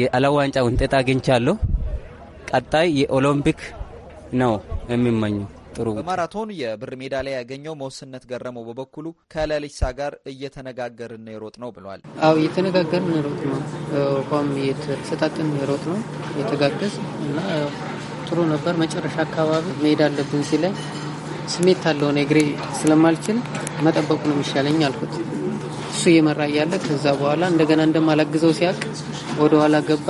የዓለም ዋንጫ ውጤት አግኝቻለሁ። ቀጣይ የኦሎምፒክ ነው የሚመኙ። ጥሩ በማራቶን የብር ሜዳሊያ ያገኘው መወስነት ገረመው በበኩሉ ከለሊሳ ጋር እየተነጋገርን የሮጥ ነው ብሏል። አዎ እየተነጋገርን የሮጥ ነው፣ ውሃም እየተሰጣጥን የሮጥ ነው እየተጋገዝ እና ጥሩ ነበር። መጨረሻ አካባቢ መሄድ አለብን ሲለኝ ስሜት አለሆነ እግሬ ስለማልችል መጠበቁ ነው የሚሻለኝ አልኩት። እሱ እየመራ እያለ ከዛ በኋላ እንደገና እንደማላግዘው ሲያውቅ ወደኋላ ገባ።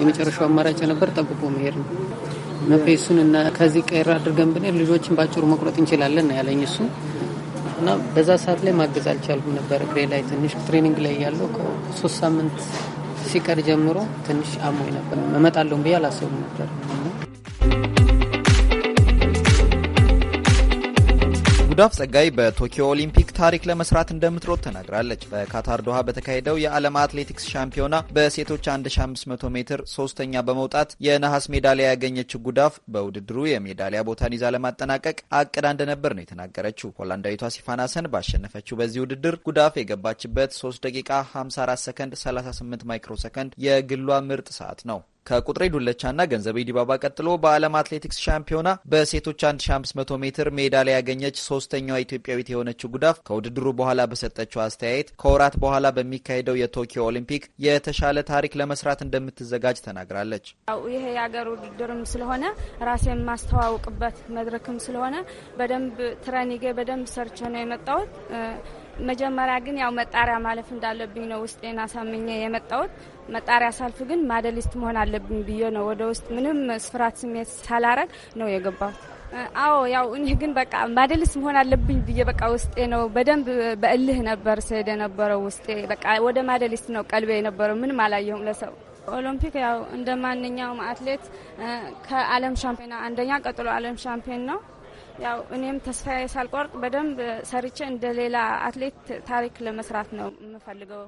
የመጨረሻው አማራጭ ነበር ጠብቆ መሄድ ነው። መፌሱን እና ከዚህ ቀይር አድርገን ብንሄድ ልጆችን በአጭሩ መቁረጥ እንችላለን ያለኝ እሱ እና በዛ ሰዓት ላይ ማገዝ አልቻልኩም ነበር። እግሬ ላይ ትንሽ ትሬኒንግ ላይ ያለው ከሶስት ሳምንት ሲቀር ጀምሮ ትንሽ አሞኝ ነበር። እመጣለሁ ብዬ አላሰብኩም ነበር። ጉዳፍ ጸጋይ በቶኪዮ ኦሊምፒክ ታሪክ ለመስራት እንደምትሮጥ ተናግራለች። በካታር ዶሃ በተካሄደው የዓለም አትሌቲክስ ሻምፒዮና በሴቶች 1500 ሜትር ሶስተኛ በመውጣት የነሐስ ሜዳሊያ ያገኘችው ጉዳፍ በውድድሩ የሜዳሊያ ቦታን ይዛ ለማጠናቀቅ አቅዳ እንደነበር ነው የተናገረችው። ሆላንዳዊቷ ሲፋናሰን ባሸነፈችው በዚህ ውድድር ጉዳፍ የገባችበት 3 ደቂቃ 54 ሰከንድ 38 ማይክሮ ሰከንድ የግሏ ምርጥ ሰዓት ነው። ከቁጥሬ ዱለቻና ገንዘቤ ዲባባ ቀጥሎ በዓለም አትሌቲክስ ሻምፒዮና በሴቶች 1500 ሜትር ሜዳሊያ ያገኘች ሶስተኛዋ ኢትዮጵያዊት የሆነችው ጉዳፍ ከውድድሩ በኋላ በሰጠችው አስተያየት ከወራት በኋላ በሚካሄደው የቶኪዮ ኦሊምፒክ የተሻለ ታሪክ ለመስራት እንደምትዘጋጅ ተናግራለች። ይሄ የሀገር ውድድርም ስለሆነ ራሴን የማስተዋውቅበት መድረክም ስለሆነ በደንብ ትረኒጌ በደንብ ሰርቼ ነው የመጣሁት። መጀመሪያ ግን ያው መጣሪያ ማለፍ እንዳለብኝ ነው ውስጤን አሳምኜ የመጣሁት። መጣሪያ ሳልፍ ግን ማደሊስት መሆን አለብኝ ብዬ ነው ወደ ውስጥ ምንም ስፍራት ስሜት ሳላረግ ነው የገባሁት። አዎ ያው እኔ ግን በቃ ማደሊስት መሆን አለብኝ ብዬ በቃ ውስጤ ነው በደንብ በእልህ ነበር ስሄድ የነበረው ውስጤ በቃ ወደ ማደሊስት ነው ቀልቤ የነበረው። ምንም አላየሁም ለሰው ኦሎምፒክ ያው እንደ ማንኛውም አትሌት ከዓለም ሻምፒዮና አንደኛ ቀጥሎ ዓለም ሻምፒዮን ነው ያው እኔም ተስፋ ሳልቆርጥ በደንብ ሰርቼ እንደ ሌላ አትሌት ታሪክ ለመስራት ነው የምፈልገው።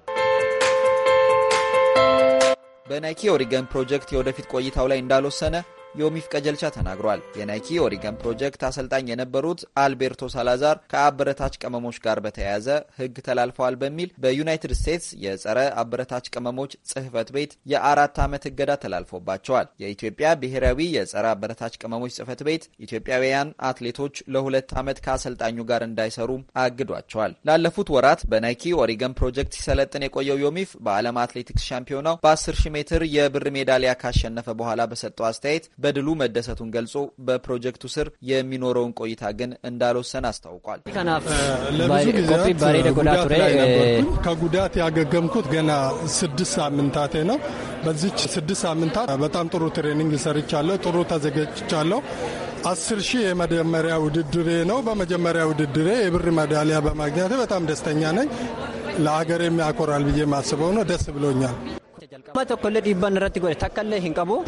በናይኪ ኦሪገን ፕሮጀክት የወደፊት ቆይታው ላይ እንዳልወሰነ ዮሚፍ ቀጀልቻ ተናግሯል። የናይኪ ኦሪገን ፕሮጀክት አሰልጣኝ የነበሩት አልቤርቶ ሳላዛር ከአበረታች ቅመሞች ጋር በተያያዘ ሕግ ተላልፈዋል በሚል በዩናይትድ ስቴትስ የጸረ አበረታች ቅመሞች ጽህፈት ቤት የአራት ዓመት እገዳ ተላልፎባቸዋል። የኢትዮጵያ ብሔራዊ የጸረ አበረታች ቅመሞች ጽህፈት ቤት ኢትዮጵያውያን አትሌቶች ለሁለት ዓመት ከአሰልጣኙ ጋር እንዳይሰሩ አግዷቸዋል። ላለፉት ወራት በናይኪ ኦሪገን ፕሮጀክት ሲሰለጥን የቆየው ዮሚፍ በዓለም አትሌቲክስ ሻምፒዮናው በ10 ሺህ ሜትር የብር ሜዳሊያ ካሸነፈ በኋላ በሰጠው አስተያየት በድሉ መደሰቱን ገልጾ በፕሮጀክቱ ስር የሚኖረውን ቆይታ ግን እንዳልወሰን አስታውቋል። ከጉዳት ያገገምኩት ገና ስድስት ሳምንታቴ ነው። በዚች ስድስት ሳምንታት በጣም ጥሩ ትሬኒንግ ሰርቻለሁ። ጥሩ ተዘጋጅቻለሁ። አስር ሺህ የመጀመሪያ ውድድሬ ነው። በመጀመሪያ ውድድሬ የብር ሜዳሊያ በማግኘት በጣም ደስተኛ ነኝ። ለሀገር የሚያኮራል ብዬ ማስበው ነው። ደስ ብሎኛል።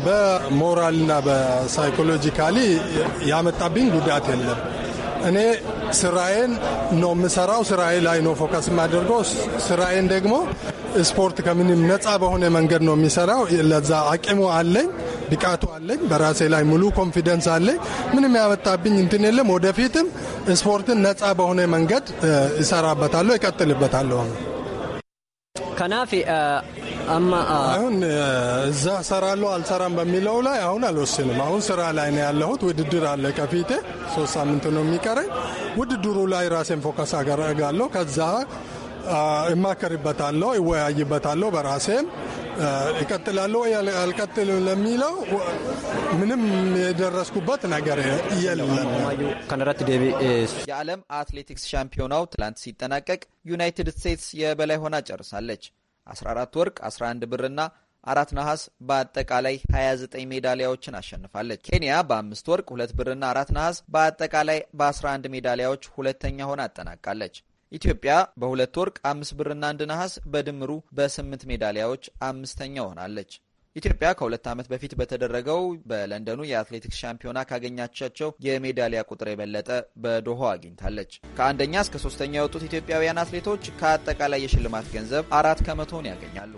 በሞራልና በሳይኮሎጂካሊ ያመጣብኝ ጉዳት የለም። እኔ ስራዬን ነው የምሰራው። ስራዬ ላይ ነው ፎከስ የማደርገው። ስራዬን ደግሞ ስፖርት ከምንም ነፃ በሆነ መንገድ ነው የሚሰራው። ለዛ አቅሙ አለኝ፣ ብቃቱ አለኝ፣ በራሴ ላይ ሙሉ ኮንፊደንስ አለኝ። ምንም ያመጣብኝ እንትን የለም። ወደፊትም ስፖርትን ነፃ በሆነ መንገድ ይሰራበታለሁ፣ ይቀጥልበታለሁ። ከናፊ አሁን እዛ ሰራለሁ አልሰራም በሚለው ላይ አሁን አልወስንም። አሁን ስራ ላይ ነው ያለሁት። ውድድር አለ ከፊቴ ሶስት ሳምንት ነው የሚቀረኝ። ውድድሩ ላይ ራሴን ፎከስ አደርጋለሁ። ከዛ እማከርበታለሁ፣ እወያይበታለሁ በራሴም እቀጥላለሁ አልቀጥልም ለሚለው ምንም የደረስኩበት ነገር የለም። የዓለም አትሌቲክስ ሻምፒዮናው ትላንት ሲጠናቀቅ ዩናይትድ ስቴትስ የበላይ ሆና ጨርሳለች። 14 ወርቅ፣ 11 ብርና አራት ነሐስ በአጠቃላይ 29 ሜዳሊያዎችን አሸንፋለች። ኬንያ በአምስት ወርቅ፣ ሁለት ብርና አራት ነሐስ በአጠቃላይ በ11 ሜዳሊያዎች ሁለተኛ ሆና አጠናቃለች። ኢትዮጵያ በሁለት ወርቅ፣ አምስት ብርና አንድ ነሐስ በድምሩ በስምንት ሜዳሊያዎች አምስተኛ ሆናለች። ኢትዮጵያ ከሁለት ዓመት በፊት በተደረገው በለንደኑ የአትሌቲክስ ሻምፒዮና ካገኛቻቸው የሜዳሊያ ቁጥር የበለጠ በዶሆ አግኝታለች። ከአንደኛ እስከ ሶስተኛ የወጡት ኢትዮጵያውያን አትሌቶች ከአጠቃላይ የሽልማት ገንዘብ አራት ከመቶውን ያገኛሉ።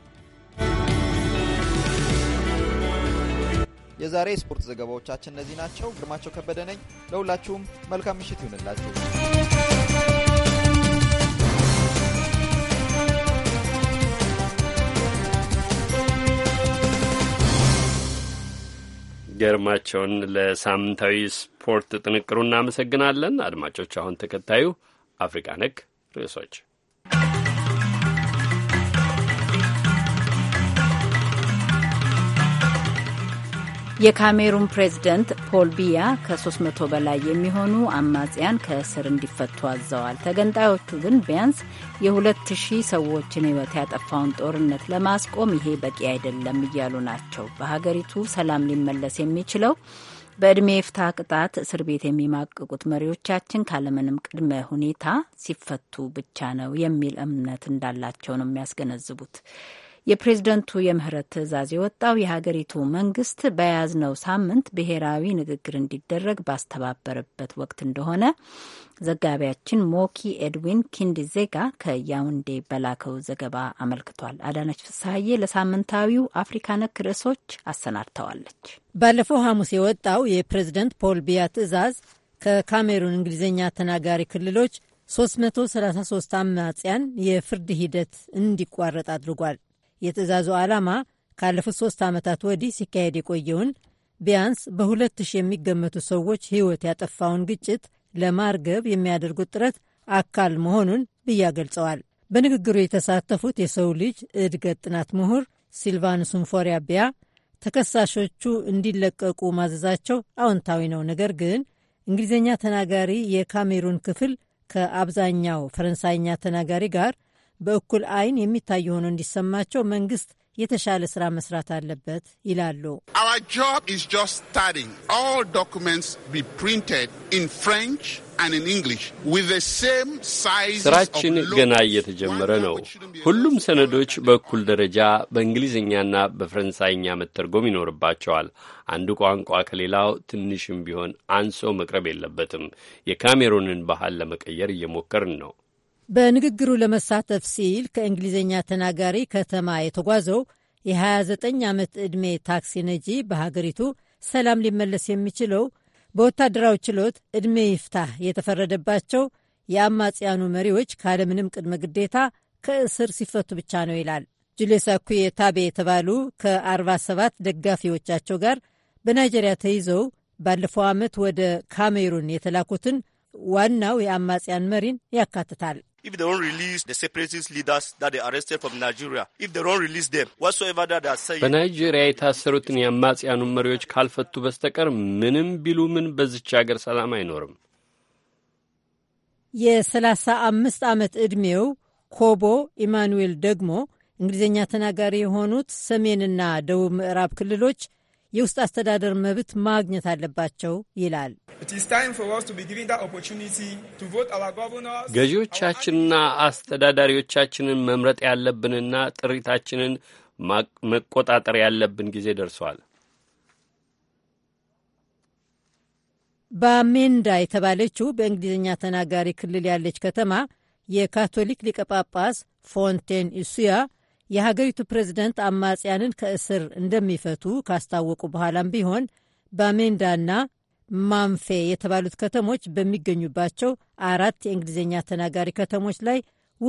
የዛሬ የስፖርት ዘገባዎቻችን እነዚህ ናቸው። ግርማቸው ከበደ ነኝ። ለሁላችሁም መልካም ምሽት ይሁንላችሁ። ገርማቸውን ለሳምንታዊ ስፖርት ጥንቅሩ እናመሰግናለን። አድማጮች፣ አሁን ተከታዩ አፍሪቃ ነክ ርዕሶች የካሜሩን ፕሬዝደንት ፖል ቢያ ከ300 በላይ የሚሆኑ አማጽያን ከእስር እንዲፈቱ አዘዋል። ተገንጣዮቹ ግን ቢያንስ የ2000 ሰዎችን ሕይወት ያጠፋውን ጦርነት ለማስቆም ይሄ በቂ አይደለም እያሉ ናቸው። በሀገሪቱ ሰላም ሊመለስ የሚችለው በዕድሜ የፍታ ቅጣት እስር ቤት የሚማቅቁት መሪዎቻችን ካለምንም ቅድመ ሁኔታ ሲፈቱ ብቻ ነው የሚል እምነት እንዳላቸው ነው የሚያስገነዝቡት። የፕሬዝደንቱ የምህረት ትዕዛዝ የወጣው የሀገሪቱ መንግስት በያዝነው ሳምንት ብሔራዊ ንግግር እንዲደረግ ባስተባበረበት ወቅት እንደሆነ ዘጋቢያችን ሞኪ ኤድዊን ኪንዲዜጋ ከያውንዴ በላከው ዘገባ አመልክቷል። አዳነች ፍስሀዬ ለሳምንታዊው አፍሪካ ነክ ርዕሶች አሰናድተዋለች። ባለፈው ሐሙስ የወጣው የፕሬዝደንት ፖል ቢያ ትዕዛዝ ከካሜሩን እንግሊዝኛ ተናጋሪ ክልሎች 333 አማጽያን የፍርድ ሂደት እንዲቋረጥ አድርጓል። የትእዛዙ ዓላማ ካለፉት ሶስት ዓመታት ወዲህ ሲካሄድ የቆየውን ቢያንስ በሁለት ሺህ የሚገመቱ ሰዎች ሕይወት ያጠፋውን ግጭት ለማርገብ የሚያደርጉት ጥረት አካል መሆኑን ብያ ገልጸዋል። በንግግሩ የተሳተፉት የሰው ልጅ እድገት ጥናት ምሁር ሲልቫኑስ ንፎሪያ ቢያ ተከሳሾቹ እንዲለቀቁ ማዘዛቸው አዎንታዊ ነው፣ ነገር ግን እንግሊዝኛ ተናጋሪ የካሜሩን ክፍል ከአብዛኛው ፈረንሳይኛ ተናጋሪ ጋር በእኩል አይን የሚታይ ሆኖ እንዲሰማቸው መንግስት የተሻለ ስራ መስራት አለበት ይላሉ። ስራችን ገና እየተጀመረ ነው። ሁሉም ሰነዶች በእኩል ደረጃ በእንግሊዝኛና በፈረንሳይኛ መተርጎም ይኖርባቸዋል። አንዱ ቋንቋ ከሌላው ትንሽም ቢሆን አንሶ መቅረብ የለበትም። የካሜሩንን ባህል ለመቀየር እየሞከርን ነው። በንግግሩ ለመሳተፍ ሲል ከእንግሊዝኛ ተናጋሪ ከተማ የተጓዘው የ29 ዓመት ዕድሜ ታክሲ ነጂ በሀገሪቱ ሰላም ሊመለስ የሚችለው በወታደራዊ ችሎት ዕድሜ ይፍታህ የተፈረደባቸው የአማጽያኑ መሪዎች ካለምንም ቅድመ ግዴታ ከእስር ሲፈቱ ብቻ ነው ይላል። ጁሌሳ ኩዬ ታቤ የተባሉ ከ47 ደጋፊዎቻቸው ጋር በናይጄሪያ ተይዘው ባለፈው ዓመት ወደ ካሜሩን የተላኩትን ዋናው የአማጽያን መሪን ያካትታል። If they don't release the separatist leaders that they arrested from Nigeria, if they don't release them, whatsoever that they are saying በናይጄሪያ የታሰሩትን የአማጽያኑን መሪዎች ካልፈቱ በስተቀር ምንም ቢሉ ምን በዚች ሀገር ሰላም አይኖርም። የሰላሳ አምስት ዓመት ዕድሜው ኮቦ ኢማኑዌል ደግሞ እንግሊዝኛ ተናጋሪ የሆኑት ሰሜንና ደቡብ ምዕራብ ክልሎች የውስጥ አስተዳደር መብት ማግኘት አለባቸው ይላል። ገዢዎቻችንና አስተዳዳሪዎቻችንን መምረጥ ያለብንና ጥሪታችንን መቆጣጠር ያለብን ጊዜ ደርሷል። ባሜንዳ የተባለችው በእንግሊዝኛ ተናጋሪ ክልል ያለች ከተማ የካቶሊክ ሊቀ ጳጳስ ፎንቴን ኢሱያ የሀገሪቱ ፕሬዚደንት አማጽያንን ከእስር እንደሚፈቱ ካስታወቁ በኋላም ቢሆን ባሜንዳና ማምፌ የተባሉት ከተሞች በሚገኙባቸው አራት የእንግሊዝኛ ተናጋሪ ከተሞች ላይ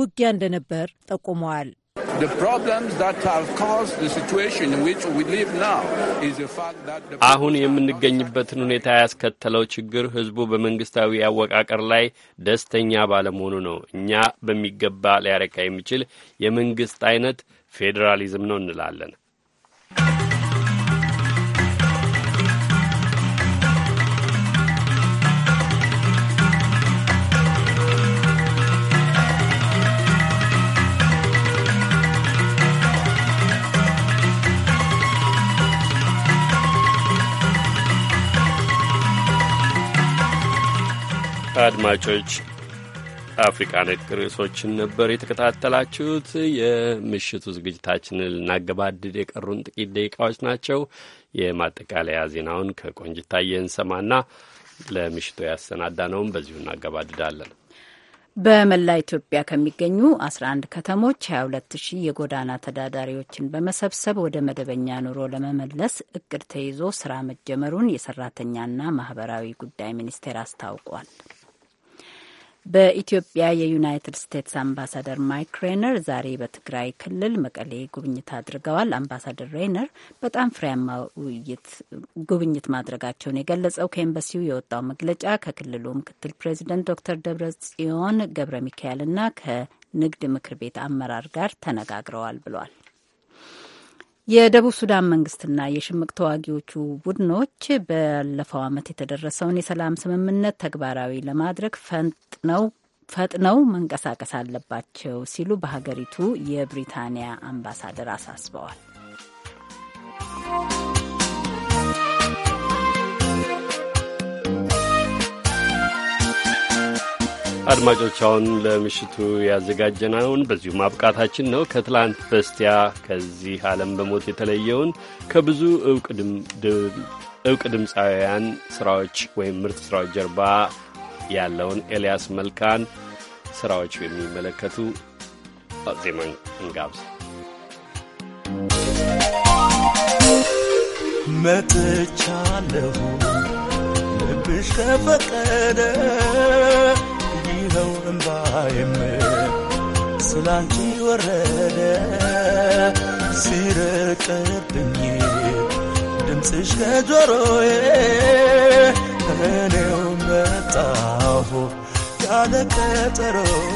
ውጊያ እንደነበር ጠቁመዋል። አሁን የምንገኝበትን ሁኔታ ያስከተለው ችግር ህዝቡ በመንግስታዊ አወቃቀር ላይ ደስተኛ ባለመሆኑ ነው። እኛ በሚገባ ሊያረካ የሚችል የመንግስት አይነት ፌዴራሊዝም ነው እንላለን። አድማጮች አፍሪቃ ነክ ርዕሶችን ነበር የተከታተላችሁት። የምሽቱ ዝግጅታችንን ልናገባድድ የቀሩን ጥቂት ደቂቃዎች ናቸው። የማጠቃለያ ዜናውን ከቆንጅታዬ እንሰማና ለምሽቱ ያሰናዳነውም በዚሁ እናገባድዳለን። በመላ ኢትዮጵያ ከሚገኙ 11 ከተሞች 22 ሺህ የጎዳና ተዳዳሪዎችን በመሰብሰብ ወደ መደበኛ ኑሮ ለመመለስ እቅድ ተይዞ ስራ መጀመሩን የሰራተኛና ማህበራዊ ጉዳይ ሚኒስቴር አስታውቋል። በኢትዮጵያ የዩናይትድ ስቴትስ አምባሳደር ማይክ ሬነር ዛሬ በትግራይ ክልል መቀሌ ጉብኝት አድርገዋል። አምባሳደር ሬነር በጣም ፍሬያማ ውይይት ጉብኝት ማድረጋቸውን የገለጸው ከኤምባሲው የወጣው መግለጫ ከክልሉ ምክትል ፕሬዚደንት ዶክተር ደብረ ጽዮን ገብረ ሚካኤልና ከንግድ ምክር ቤት አመራር ጋር ተነጋግረዋል ብሏል። የደቡብ ሱዳን መንግስትና የሽምቅ ተዋጊዎቹ ቡድኖች ባለፈው ዓመት የተደረሰውን የሰላም ስምምነት ተግባራዊ ለማድረግ ፈንጥነው ፈጥነው መንቀሳቀስ አለባቸው ሲሉ በሀገሪቱ የብሪታንያ አምባሳደር አሳስበዋል። አድማጮች አሁን ለምሽቱ ያዘጋጀነውን በዚሁ ማብቃታችን ነው። ከትላንት በስቲያ ከዚህ ዓለም በሞት የተለየውን ከብዙ እውቅ ድምፃውያን ስራዎች ወይም ምርት ስራዎች ጀርባ ያለውን ኤልያስ መልካን ስራዎች የሚመለከቱ ዜማን እንጋብዝ። መጥቻለሁ ልብሽ ከፈቀደ ነው እምባይም ስላንቺ ወረደ ሲርቅብኝ ድምፅሽ ከጆሮዬ እኔው መጣሁ ያለ ቀጠሮዬ።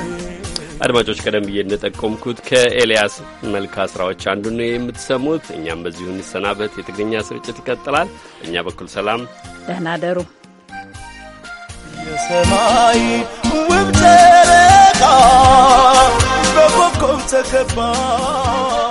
አድማጮች ቀደም ብዬ እንደጠቆምኩት ከኤልያስ መልካ ስራዎች አንዱ ነው የምትሰሙት። እኛም በዚሁ እንሰናበት። የትግርኛ ስርጭት ይቀጥላል። እኛ በኩል ሰላም፣ ደህና ደሩ። ሰማይ ውብ ጨረቃ በኮከብ ተከባ